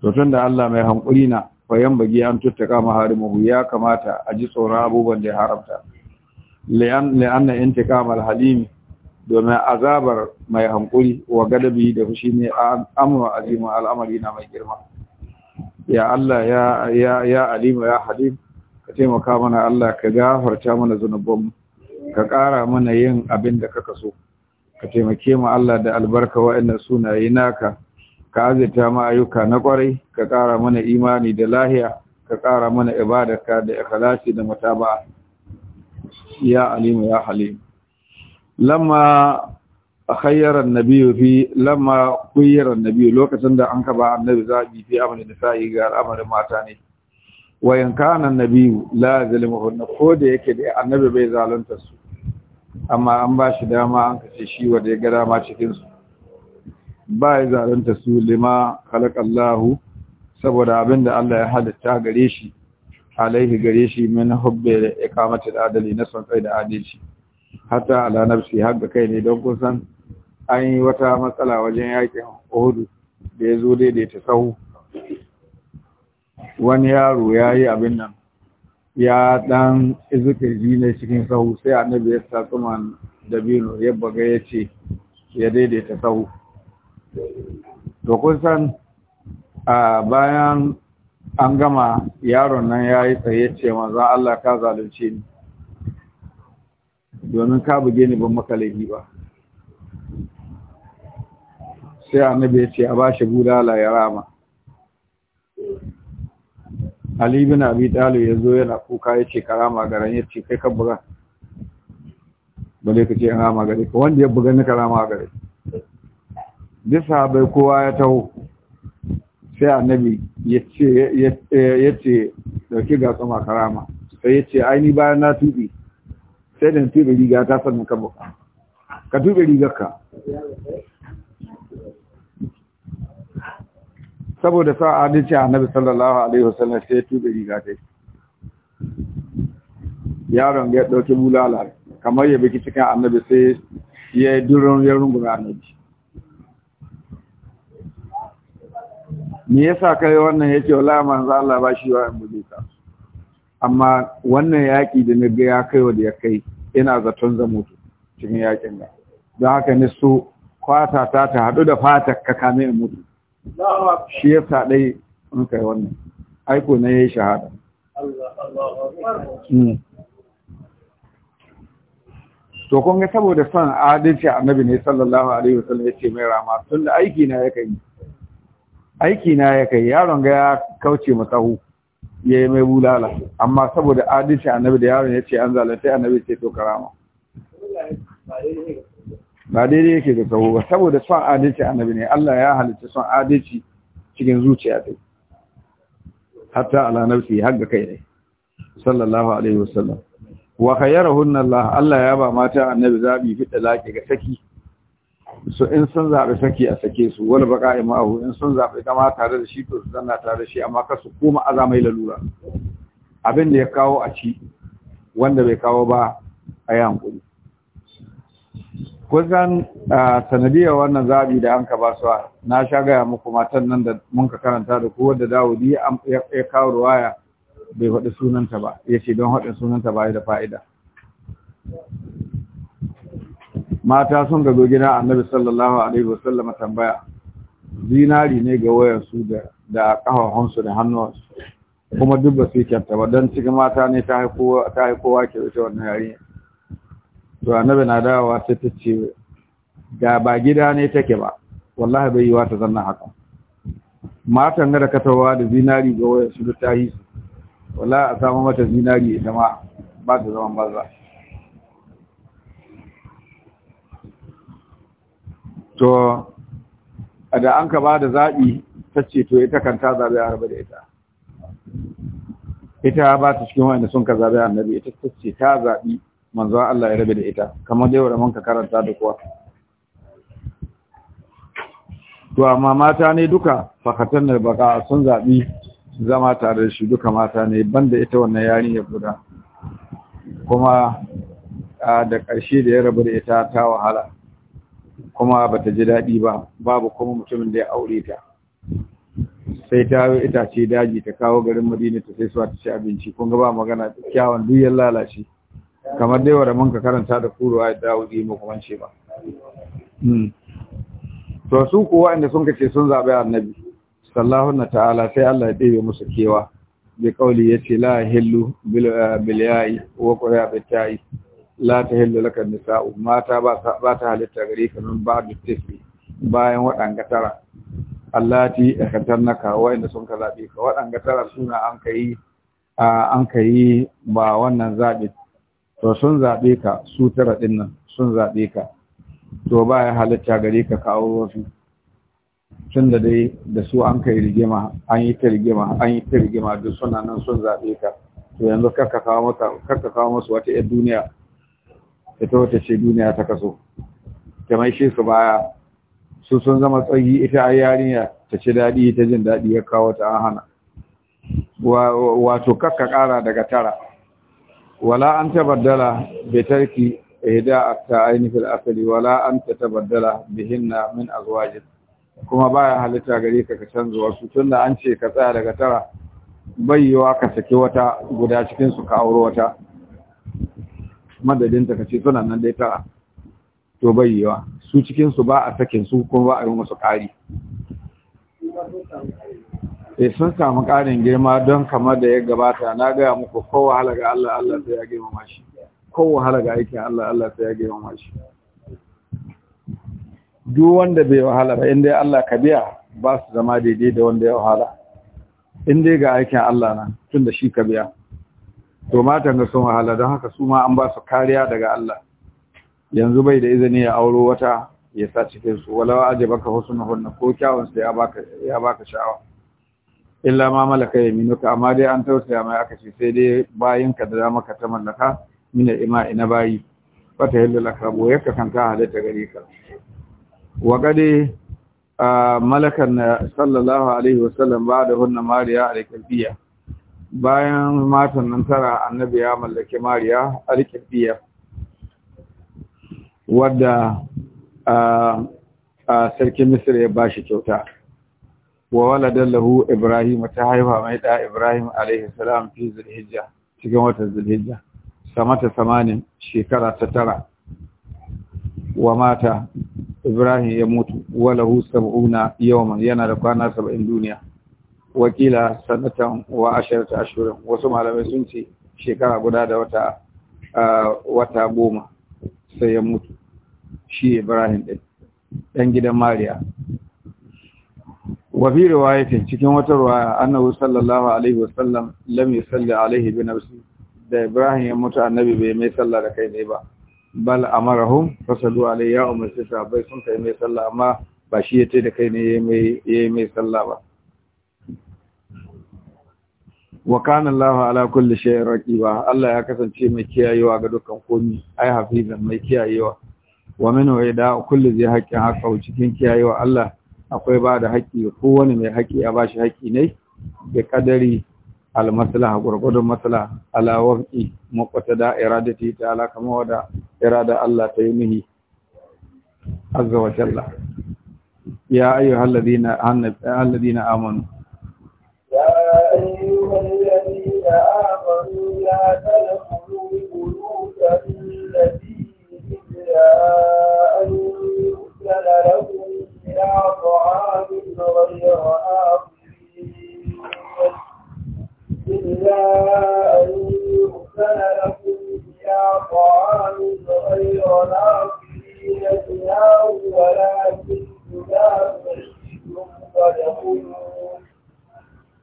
to da Allah mai hankuri na bayan bagi an tuttaka maharimu ya kamata a ji tsoron abubuwan da ya haramta li'anna intiqamal halimi domin azabar mai hankuri wa gadabi da fushi ne amma azimu al'amari na mai girma ya Allah ya ya ya halim ka taimaka mana Allah ka gafarta mana zunubanmu ka ƙara mana yin abin da kaka so ka taimake mu Allah da albarka wa'annan sunaye naka ka azirta mu ayyuka na kwarai ka ƙara mana imani da lahiya ka ƙara mana ibadarka da ikhlasi da mutaba'a ya alimu ya halim lamma fi lamma khayyara annabi lokacin da an kaba annabi zabi fi amali nisa'i ga al'amarin mata ne wa in kana annabi la zalimuhunna ko da yake da annabi bai zalunta su amma an ba shi dama an kace shi wanda ya ga dama cikin su ba zalunta su lima khalaqallahu saboda abinda Allah ya halitta gare shi alaihi gare shi min hubbe da adali na son kai da adalci hatta ala nafsi har ga kai ne don kun san an yi wata matsala wajen yakin Uhud da ya zo daidaita sahu wani yaro ya yi abin nan ya dan izikirji ne cikin sahu sai annabi ya sa tsuman dabino ya baga ya ce ya daidaita sahu to kun san a bayan an gama yaron nan ya yi tsaye ce maza Allah ka zalunce ni domin ka buge ni ban maka laifi ba sai annabi ya ce a bashi budala ya rama Ali bin Abi Talib ya zo yana kuka ya ce karama garan ya ce kai ka buga bale ka ce rama gare ka wanda ya buga ni karama gare duk sahabai kowa ya taho sai annabi ya ce dauki ga tsoma karama sai ya ce aini bayan na tuɓe sai da tuɓe riga ta sannan ka buka ka tuɓe rigar ka saboda sa adalci annabi sallallahu alaihi wasallam sai ya tuɓe riga ta yaron ya ɗauki bulala kamar ya biki cikin annabi sai ya yi duron ya rungura annabi me yasa kai wannan yake wala manzo Allah ba shi wa in amma wannan yaki da na ga ya kai wa da ya kai ina zaton zan mutu cikin yakin da don haka ne su kwata ta ta hadu da fata ka kame in mutu shi yasa dai in kai wannan aiko na yayi shahada Allah hmm. Allah to kun ga saboda son adalci annabi ne sallallahu alaihi wasallam yace mai rama tun da aiki na yake yi aiki na ya kai yaron ga ya kauce matsahu ya yi mai bulala amma saboda adalci annabi da yaron ya ce an zalunta annabi ce to karama ba daidai yake da tsawo ba saboda son adalci annabi ne Allah ya halitta son adalci cikin zuciya dai hatta ala nafsi har ga kai ne sallallahu alaihi wasallam wa khayyarahunna Allah Allah ya ba mata annabi zabi fi talaqi ga saki su in sun zaɓi saki a sake su wani baka imahu in sun zaɓi dama tare da shi to su zanna tare da shi amma ka su koma aza mai lalura abin da ya kawo a ci wanda bai kawo ba a yi hankuli kusan sanadiyar wannan zaɓi da an ka ba su na sha gaya muku matan nan da mun ka karanta da ku da dawudi ya kawo ruwaya bai faɗi sunanta ba ya ce don haɗin sunanta ba da fa'ida mata sun gado gina a annabi sallallahu alaihi wasallama tambaya zinari ne ga su da da kafafunsu da su kuma duk ba su kyanta ba don cikin mata ne ta haikowa ke wuce wannan yari to annabi na dawowa sai ta ce da ba gida ne take ba wallahi bai yi wa ta zanna haka matan da katawa da zinari ga su da ta yi wallahi a samu mata zinari ita ma ba ta zaman banza to da an ka ba da zaɓi ta ce to ita kan ta zaɓe a rabu da ita ita ba ta cikin wani sun ka a annabi ita ta ce ta zaɓi manzo Allah ya rabu da ita kamar dai wanda ka karanta da kuwa to amma mata ne duka fakatan da baka sun zaɓi zama tare da shi duka mata ne banda ita wannan ya guda kuma da ƙarshe da ya rabu da ita ta wahala kuma ba ta ji daɗi ba babu kuma mutumin da ya aure ta sai ta yi itace daji ta kawo garin madina ta sai suwa ta ci abinci kun ga ba magana kyawun duyan lalace kamar dai wadda mun karanta da kuro a dawudi makamanci ba hmm. to su kuwa inda sun kace sun zaɓi annabi sallahu na ta'ala sai Allah ya ɗebe musu kewa bi kauli ce la hillu bil eh, wa qura bi ta'i la ta hillu laka nisa'u mata ba ta halitta gare ka min ba da tafi bayan waɗanga tara allati kawo inda sun ka zaɓe ka waɗanga tara suna an kai an kai ba wannan zaɓe, to sun zabe ka su tara din nan sun zabe ka to ba ya halitta gare ka kawo wasu tun da dai da su an kai rigima an yi ta rigima an yi ta rigima duk suna nan sun zabe ka to yanzu kakka kawo masa kawo musu wata 'yar duniya ita wata ce duniya ta kaso ta mai shi su baya su sun zama tsayi ita a yarinya ta ci daɗi ta jin daɗi ya kawo ta an hana wato kakka ƙara daga tara wala an tabaddala bai tarki ihda ta ainihin asali wala an ta tabaddala bihinna min azwajin kuma baya halitta gare ka ka canza wasu da an ce ka tsaya daga tara bai bayyawa ka saki wata guda cikin su ka auro wata madadin ta kace suna nan dai tara to bayyewa su cikin su ba a sakin su kuma ba a yi musu ƙari eh sun samu ƙarin girma don kamar da ya gabata na gaya muku ko wahala ga Allah Allah sai ya girmama shi ko wahala ga aikin Allah Allah sai ya girmama shi duk wanda bai wahala ba inda Allah ka biya ba su zama daidai da wanda ya wahala inda ga aikin Allah na tun da shi ka biya to matan ga sun wahala don haka su ma an ba su kariya daga Allah yanzu bai da izini ya auro wata ya sa cikin su walawa aje baka husnuhunna ko kyawun sa ya baka ya baka sha'awa illa ma malaka yaminuka amma dai an tausaya mai aka ce sai dai ka da maka ta mallaka mina ima ina bayi fata hillu lakrabo ya kakanta halitta gare ka wa gade malakan sallallahu alaihi wasallam ba da hunna mariya alkalbiya bayan matan nan tara annabi ya mallaki mariya alkibiya wadda a sarki misir ya bashi kyauta wa waladan lahu ibrahim ta haifa mai da ibrahim alaihi salam fi zulhijja cikin watan zulhijja samata samanin shekara ta tara wa mata ibrahim ya mutu wa lahu sab'una yawman yana da kwana saba'in duniya wakila sanatan wa ashirata ashirin wasu malamai sun ce shekara guda da wata wata goma sai ya mutu shi ibrahim ɗin ɗan gidan mariya wa fi riwayatin cikin wata riwaya annabi sallallahu alaihi wasallam lam yusalli alaihi bi nafsi da ibrahim ya mutu annabi bai mai sallah da kai ne ba bal amarahum fasalu alaihi ya umarci sahabbai sun kai mai sallah amma ba shi ya ce da kai ne ya mai sallah ba wa kana Allahu ala kulli shay'in raqiba Allah ya kasance mai kiyayewa ga dukkan komai ai hafizan mai kiyayewa wa min wa'ida kulli zai haqqin haƙa? cikin kiyayewa Allah akwai ba da haƙƙi wani mai haƙƙi ya bashi haƙƙi ne da kadari maslaha gurgudun maslaha ala muqata da iradati ala kama wada irada Allah ta yi mihi azza wa jalla ya ayyuhal ladina amanu يا أيها الذين آمنوا لا تدخلوا بيوت النبي إلا أن يؤذن لكم إلى طعام غير آخرين إلا ولكن جناه قد قلوب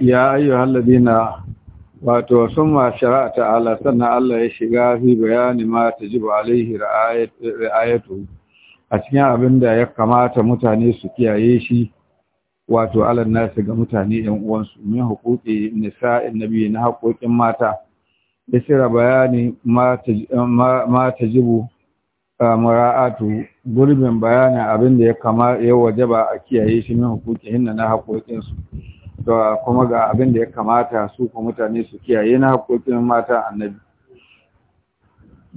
ya ayyuhal ladina wato summa shari'a ta'ala sannan Allah ya shiga fi bayani ma tajibu alaihi ra'ayatu a cikin abin da ya kamata mutane su kiyaye shi wato alal ga mutane ɗan uwansu min huquqi nisa'in nabi na haƙoƙin mata isra bayani ma ta jibu mura'atu gurbin bayanin abinda ya kama ya wajaba a kiyaye shi min hukuki hinna na haƙoƙinsu da kuma ga abinda ya kamata su kuma mutane su kiyaye na haƙoƙin mata annabi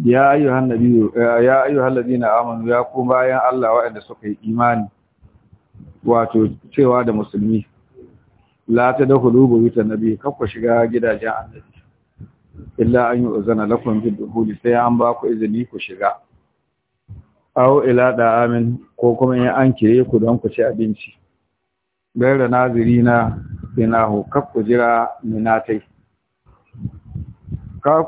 ya ayyuhan nabiyyu ya amanu ya ku bayan Allah waɗanda suka yi imani wato cewa da musulmi la ta dakhulu buyutan nabi kakku shiga gidajen annabi illa an yi yu'zana lakum da dukhuli sai an ba ku izini ku shiga aw ila da amin ko kuma in an kire ku don ku ci abinci gaira nazirina ina hu ku jira minatai ka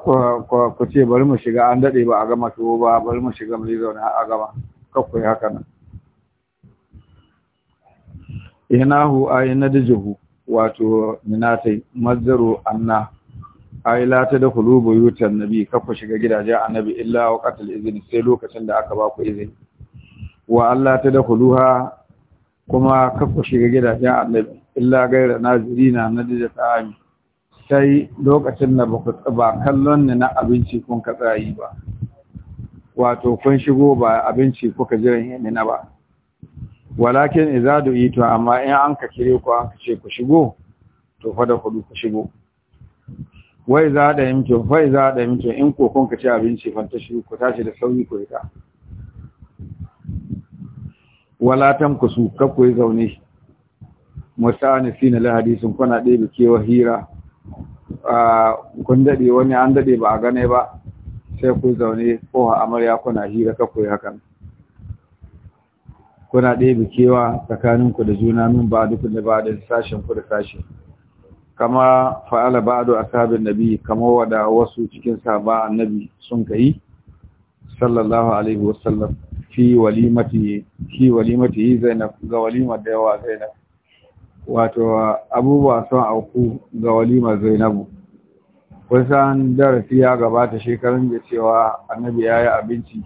ku ce bari mu shiga an daɗe ba a gama to ba bari mu shiga mu zauna a gama kakku yi haka nan Ina a yi na dijihu wato minatai mazzaro anna ai la ta dakhulu buyutan nabi ka ku shiga gidajen annabi illa waqatul izini sai lokacin da aka ba ku izini wa Allah ta dakhuluha kuma ka ku shiga gidajen annabi illa gaira nazirina na da ta'ami sai lokacin da ba kallon ni na abinci kun ka tsayi ba wato kun shigo ba abinci kuka jiran ni na ba walakin idza du'itu amma in an ka kire ku an ka ce ku shigo to fa da ku shigo wai za da mutum? Wai za da mutum? in ko kun ka ci abinci fanta shi ku tashi da sauri ku rika wala su, kakku yi zaune fi na lahadisin kuna ɗebe kewa hira kun daɗe wani an daɗe ba a gane ba sai ku zaune ko a amarya kuna hira kakku yi hakan kuna ɗebe kewa tsakaninku da juna min ba duk da ba da sashen ku da sashen kama fa'ala ba'du ashabin nabi kama wada wasu cikin sahaba annabi sun kai sallallahu alaihi wasallam fi walimati fi walimati zainab ga walimar da yawa zainab wato abubuwa sun auku ga walimar zainabu kusan darasi ya gabata shekarun da cewa annabi ya abinci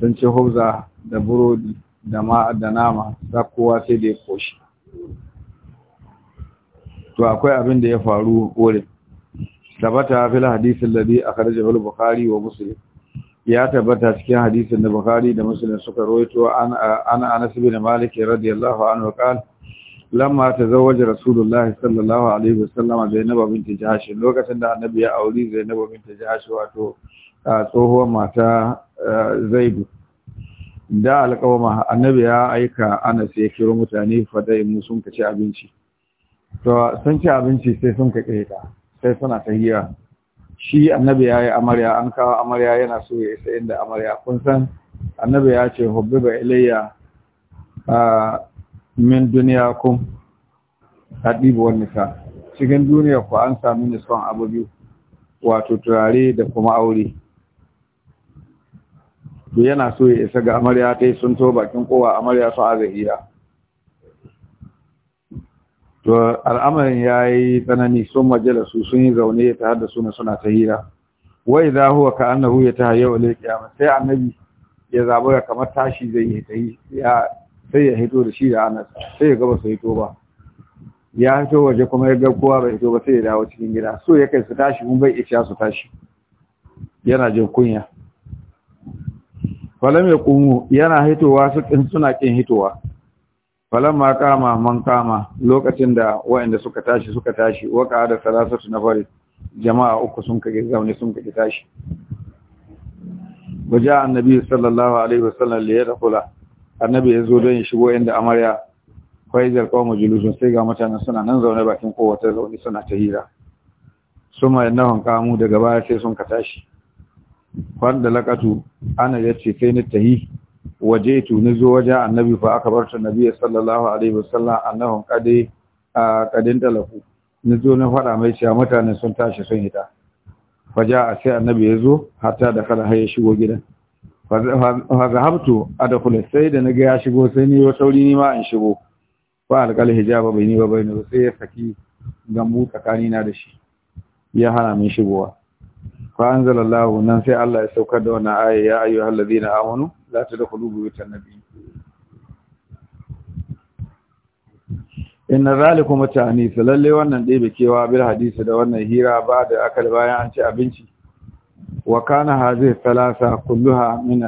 sun ci hubza da burodi da nama za kowa sai da ya koshi to akwai abin da ya faru wurin tabbata fil hadisin ladhi akhrajahu al-bukhari wa muslim ya tabbata cikin hadisin da bukhari da muslim suka rawaito an ana anas bin malik radiyallahu anhu qala lamma tazawwaja rasulullahi sallallahu alaihi wasallam zainab binti jahsh lokacin da annabi ya auri zainab binti jahsh wato tsohuwar mata zaidu da alƙawama annabi ya aika anas ya kiro mutane fadai musun sun kaci abinci to sun ci abinci sai sun ka ƙeta sai suna ta hira shi annabi ya yi amarya an kawo amarya yana so ya isa inda amarya kun san annabi ya ce hubbi ba ilayya min duniya kun haɗi ba wani nisa cikin duniya ku an sami nisan abu biyu wato turare da kuma aure yana so ya isa ga amarya ta yi sun to bakin kowa amarya su hira. to al'amarin ya yi tsanani sun majalasu sun yi zaune ta hada suna suna ta hira wai za huwa ka na ya ta hayyau ilil kiyama sai annabi ya zabura kamar tashi zai yi ta yi sai ya hito da shi da anas sai ya gaba su hito ba ya hito waje kuma ya ga kowa bai hito ba sai ya dawo cikin gida so ya kai su tashi mun bai isha su tashi yana jin kunya falam ya kumu yana hitowa su suna kin hitowa falamma kama man kama lokacin da waɗanda suka tashi suka tashi waka da salasatu na fari jama'a uku sun kage zaune sun kage tashi waje annabi sallallahu alaihi wasallam li yadkhula annabi ya zo don ya shigo inda amarya faizar kawo julusun sai ga mutanen suna nan zaune bakin kowace zaune suna ta hira suma innahum kamu daga baya sai sun ka tashi wanda lakatu ana yace sai ni tahi wajaitu nazo wajen annabi fa barta nabi sallallahu alaihi wasallam annahum qad qadin talafu nazo na fada mai cewa mutane sun tashi sun hita faja sai annabi yazo hatta da kala haye ya shigo gidan fa zahabtu adkhul sai da naga ya shigo sai ni sauri ni ma in shigo fa alqal hijaba baini wa baini sai ya saki gambu na da shi ya hana min shigowa fa anzalallahu nan sai Allah ya saukar da wannan aya ya ayyuhallazina amanu la tadkhulu buyutan nabi inna zalikum ta'anis lalle wannan dai kewa, bil hadisi da wannan hira ba da akal bayan an ci abinci wa kana hazi thalatha kulluha min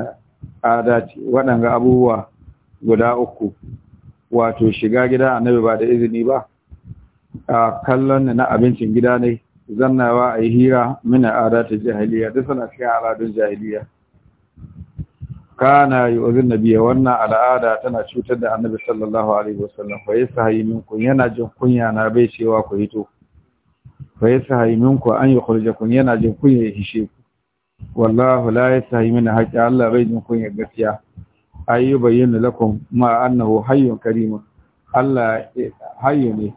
adati wadanga abubuwa guda uku wato shiga gida annabi ba da izini ba a kallon na abincin gida ne zannawa a yi hira mina adata jahiliya duk suna cikin al'adun jahiliya kana yu'zin nabiyya wannan al'ada tana cutar da annabi sallallahu alaihi wasallam fa yasahi minkum yana jin kunya na bai cewa ku hito fa yasahi minkum an yukhrijakum yana jin kunya ya hishe ku wallahu la yasahi min haqqi Allah bai jin kunya gaskiya ayyu bayyana lakum ma annahu hayyun karimun Allah hayyu ne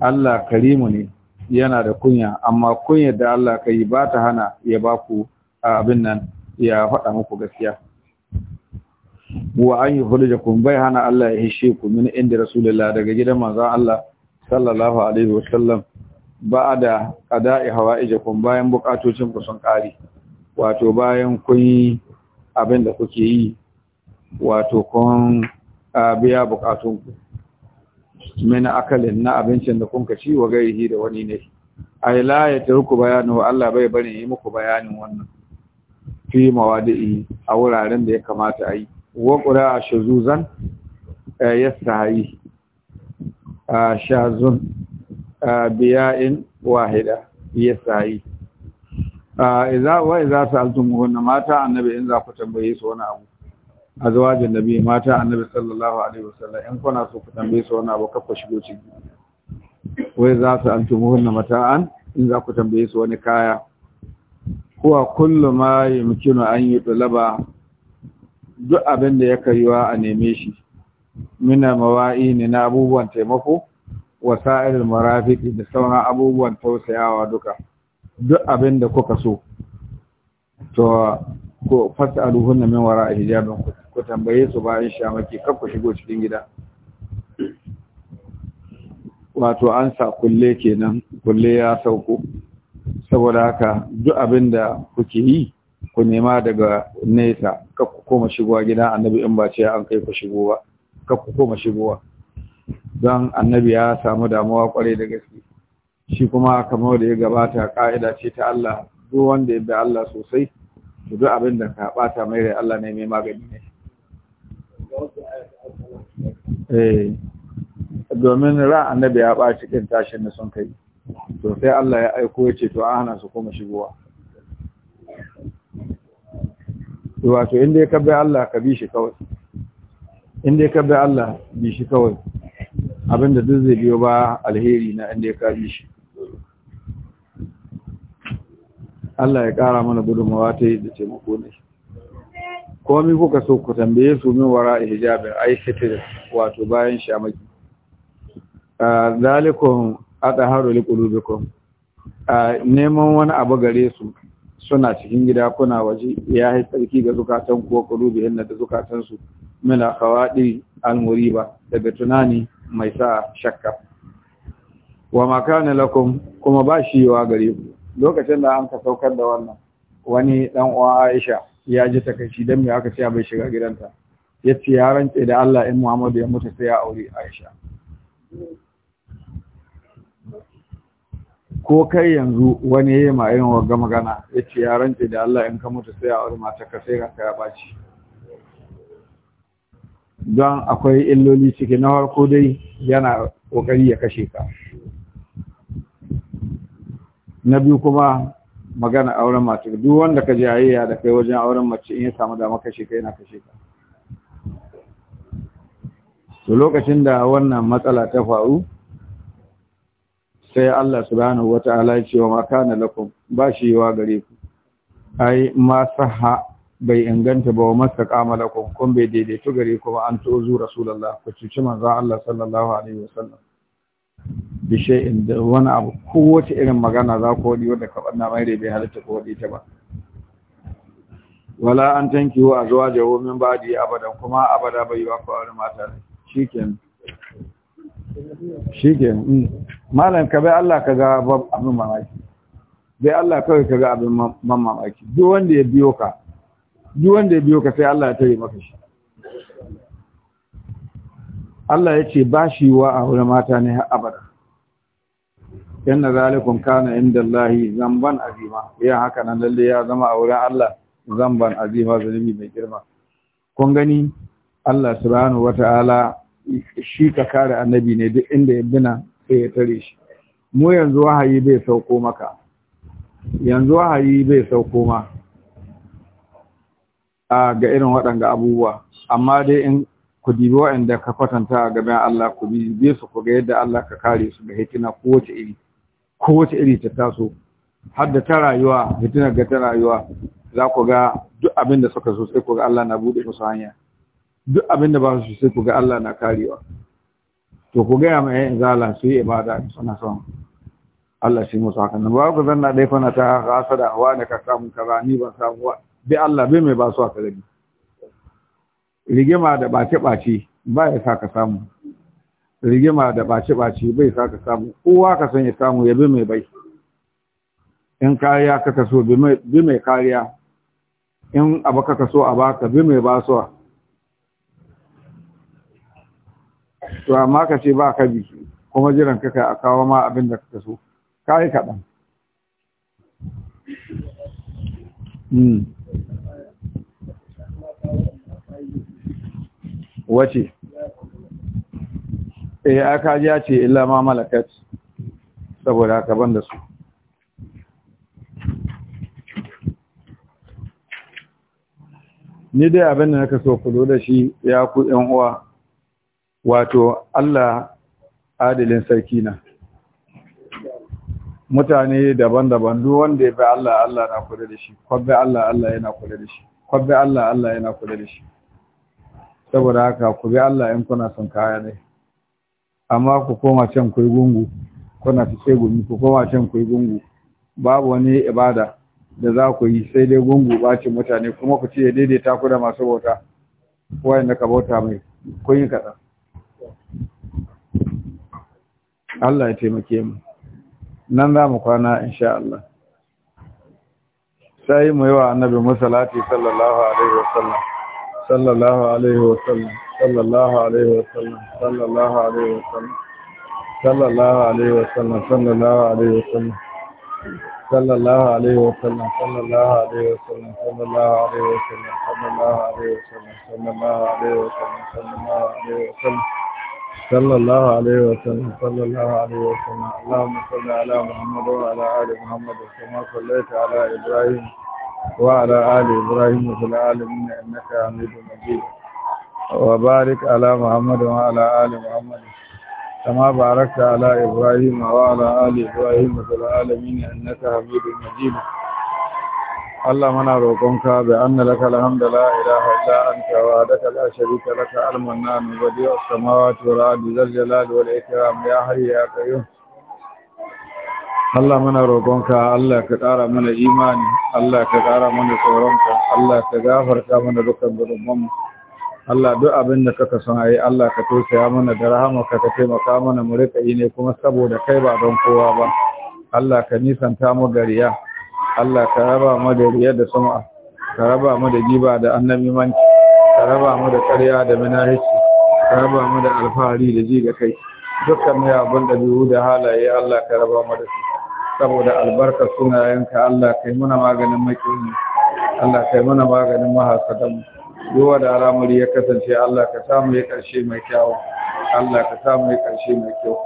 Allah karimu ne yana da kunya amma kunyar da Allah kai ba ta hana ya ba ku abin nan ya faɗa muku gaskiya wa an kun bai hana Allah ya hishe ku min inda rasulullah daga gidan manzon Allah sallallahu alaihi wasallam hawa qada'i kun. bayan bukatocin ku sun kare wato bayan kun yi abin da kuke yi wato kun biya bukatun ku min akalin na abincin da kun ci wa gairihi da wani ne ay la yatruku bayanu Allah bai bari yi muku bayanin wannan fi mawadi'i a wuraren da ya kamata a yi wa a shazuzan eh, yastahi eh, shazun eh, biya'in wahida yastahi idza wa idza sa'altumuhunna mata annabi in za ku tambaye su wani abu azwajin nabi mata annabi sallallahu alaihi wasallam in kuna so ku tambaye su wani abu kafa shigo ciki wai za su altumuhunna mata'an in za ku tambaye su wani kaya huwa kullu ma yumkinu an yutlaba duk abin da ya kayuwa a neme shi mina mawa'i ne na abubuwan taimako wasa'ir marafiki da sauran abubuwan tausayawa duka duk abin da kuka so to ko fas'aluhunna min wara'i hijabin ku tambaye su bayan shamaki kar ku shigo cikin gida wato an sa kulle kenan kulle ya sauko saboda haka duk abin da kuke yi ku nema daga nesa ka ku koma shigowa gidan annabi in ba ce an kai ku shigo ba kar ku koma shigowa don annabi ya samu damuwa kwarai da gaske shi kuma kamar da ya gabata ka'ida ce ta Allah duk wanda ya bi Allah sosai to duk abin da ka bata mai rai Allah ne mai magani ne eh, domin ran annabi ya ɓaci kin tashin da sun kai to Allah ya aiko ya ce to an hana su koma shigowa wato inda ya kabbe Allah ka bi shi kawai inda ya kabbe Allah bi shi kawai abinda duk zai biyo ba alheri na inda ya kabi shi Allah ya ƙara mana gudunmawa ta yi da taimako ne komi kuka so ku tambaye su min wara hijabin ai wato bayan shamaki zalikum atharu liqulubikum neman wani abu gare su suna cikin gida kuna waje ya yi tsarki ga zukatan kuwa kulubi yana da zukatansu mina kawaɗi almuriba daga tunani mai sa shakka wa makana lakum kuma ba shi yawa gare ku lokacin da an ka saukar da wannan wani dan uwa Aisha ya ji takaici dan me aka ce bai shiga gidanta yace ya rantse da Allah in Muhammadu ya mutu sai ya aure Aisha ko kai yanzu wani yi ma irin wagga magana ya ce ya rance da Allah in ka mutu sai a wani mata ka sai ka ya baci don akwai illoli ciki na farko dai yana kokari ya kashe ka na biyu kuma magana auren mace duk wanda ka ji hayayya da kai wajen auren mace in ya samu dama kashe ka yana kashe ka to lokacin da wannan matsala ta faru sai Allah subhanahu wata'ala ya ce wa makana lakum ba shi wa gare ku ai ma saha bai inganta ba wa kama lakum kun bai daidaitu gare ku ba an tozu rasulullah ku cuci manzo Allah sallallahu alaihi wasallam bi shay'in da wani abu Ko wata irin magana za ku wadi wanda ka banna mai bai halitta ko wadi ta ba wala an tankihu azwajahu min ba'di abadan kuma abada bai wa ku aure mata shikenan shikenan mm. malam ka bai Allah ka ga abin mamaki bai Allah kawai ka ga abin mamaki duk wanda ya biyo ka duk wanda ya biyo ka sai Allah ya tare maka shi Allah ya ce ba shi wa a wurin mata ne har abada yanna zalikun kana inda Allah zamban azima ya haka nan lalle ya zama a wurin Allah zamban azima zalimi mai girma kun gani Allah subhanahu wata'ala shi ka kare annabi ne duk inda ya bina ka ya tare shi mu yanzu wahayi bai sauko maka yanzu wahayi bai sauko ma a ga irin waɗanda abubuwa amma dai in ku dibi waɗanda ka kwatanta a gaban Allah ku bi su ku ga yadda Allah ka kare su ga ko kowace iri kowace iri ta taso har da ta rayuwa hitinar ga ta rayuwa za ku ga duk abin da suka so sai ku ga Allah na buɗe musu hanya duk abin da ba su sai ku ga Allah na karewa to ku gaya mai yan zala su yi ibada su na son Allah shi musu hakan ba ku zanna dai kuna ta hasa da hawa da ka samu kaza ni ban samu ba bi Allah bai mai ba su aka rabi rigima da bace bace ba ya sa ka samu rigima da bace bace bai sa ka samu kowa ka san ya samu ya bi mai bai in kariya ka kaso bi mai kariya in abu ka kaso a baka bi mai basuwa to amma ka ce ba ka biki kuma jiran ka kai a kawo ma abin da ka so ka yi kaɗan hmm. wace eh aka ji ya ce illa ma malakat saboda haka ban da su ni dai abin da naka so ku da shi ya ku ƴan uwa wato Allah adalin sarki na mutane daban-daban duk wanda ya bi Allah Allah na kula da shi kwabbe Allah Allah yana kula da shi kwabbe Allah Allah yana kula da shi saboda haka ku bi Allah in kuna son kaya ne amma ku koma can ku yi gungu kuna ta ce gumi ku koma can ku yi gungu babu wani ibada da za ku yi sai dai gungu bace mutane kuma ku ce daidaita ku da masu bauta wayan da ka bauta mai kun yi kaɗan Allah ya taimake mu nan za mu kwana insha Allah sai mu yi wa annabi musalati sallallahu alaihi wasallam sallallahu alaihi wasallam sallallahu alaihi wasallam sallallahu alaihi wasallam sallallahu alaihi wasallam sallallahu alaihi wasallam sallallahu alaihi wasallam sallallahu alaihi wasallam sallallahu alaihi wasallam sallallahu alaihi wasallam sallallahu alaihi wasallam sallallahu alaihi wasallam صلى الله عليه وسلم صلى الله عليه وسلم اللهم صل على محمد وعلى آل محمد كما صليت على إبراهيم وعلى آل إبراهيم في العالمين إنك حميد مجيد وبارك على محمد وعلى آل محمد كما باركت على إبراهيم وعلى آل إبراهيم في العالمين إنك حميد مجيد Allah muna roƙonka bi anna laka alhamdu la ilaha illa anta wa daka la sharika laka al-mannan wa diyu as-samawati wal ardi zal jalali wal ikram ya hayyu ya qayyum Allah muna roƙonka Allah ka ƙara mana imani Allah ka ƙara mana tsoronka Allah ka gafarta mana dukkan mu. Allah duk abin da kaka son ayi Allah ka tausaya mana da rahamarka ka taimaka mana mu rika yi ne kuma saboda kai ba don kowa ba Allah ka nisanta mu gariya Allah ka raba mu da riya da sama. ka raba mu da giba da annabi manci ka raba mu da ƙarya da minahici ka raba mu da alfahari da ji ga kai dukkan mai abun da biyu da halaye Allah ka raba mu da su saboda albarka sunayenka Allah kai muna maganin makiyi Allah kai muna maganin mahasadan yawa da al'amari ya kasance Allah ka samu ya karshe mai kyau Allah ka samu ya karshe mai kyau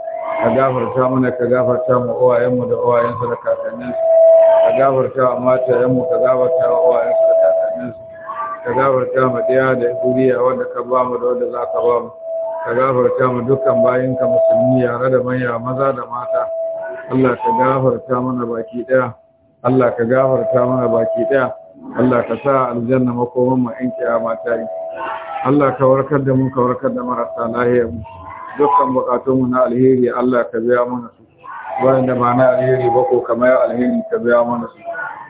ka gafarta mana ka gafarta mu uwayenmu da uwayensu da kakanninsu gafarta wa matayenmu ka gafarta wa su da kakanninsu ka gafarta mu ɗaya da zuriya wanda ka ba mu da wanda za ka ba mu ka gafarta mu dukkan ka musulmi yare da manya maza da mata Allah ka gafarta mana baki ɗaya Allah ka gafarta mana baki ɗaya Allah ka sa aljanna makoman mu in kiyama ta yi Allah ka warkar da mu ka warkar da marasa lahiyar mu dukkan bukatunmu na alheri Allah ka biya mana wanda ba na alheri ba ko kamar alheri ka biya mana su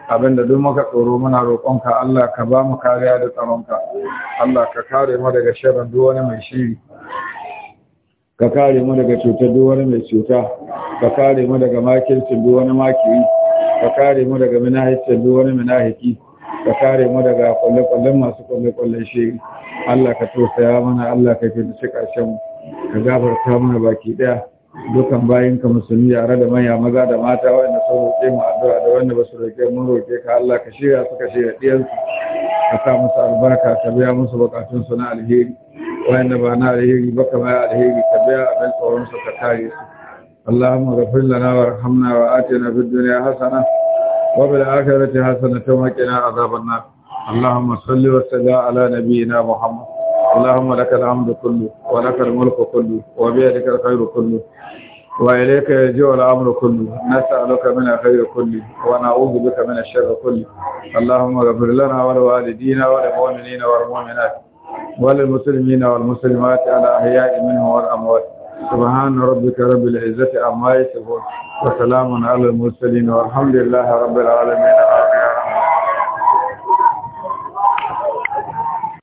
abinda duk muka tsoro muna roƙonka Allah ka ba mu kariya da tsaronka Allah ka kare mu daga sharrin duk wani mai shiri ka kare mu daga cutar duk wani mai cuta ka kare mu daga makircin duk wani makiri ka kare mu daga minahicin duk wani minahiki ka kare mu daga kwalle-kwallen masu kwalle-kwallen shiri. Allah ka tosaya mana Allah ka fi da shi ƙarshen ka gafarta mana baki ɗaya dukan bayinka musulmi yare da manya maza da mata wanda sun roƙe mu addu'a da wanda ba su roƙe mun roƙe ka Allah ka shirya su ka shirya diyansu ka sa musu albarka ka biya musu bukatun su na alheri wanda ba na alheri ba ka alheri ka biya abin tsoron su ka kare su اللهم اغفر لنا وارحمنا وآتنا في الدنيا حسنة وفي الآخرة حسنة وقنا عذاب النار اللهم صل وسلم على نبينا محمد اللهم لك الحمد كله ولك الملك كله وبيدك الخير كله وإليك يجيء الأمر كله نسألك من الخير كله ونعوذ بك من الشر كله اللهم اغفر لنا ولوالدينا وللمؤمنين والمؤمنات وللمسلمين والمسلمات على أحياء منهم والأموات سبحان ربك رب العزة عما يصفون وسلام على المرسلين والحمد لله رب العالمين آمين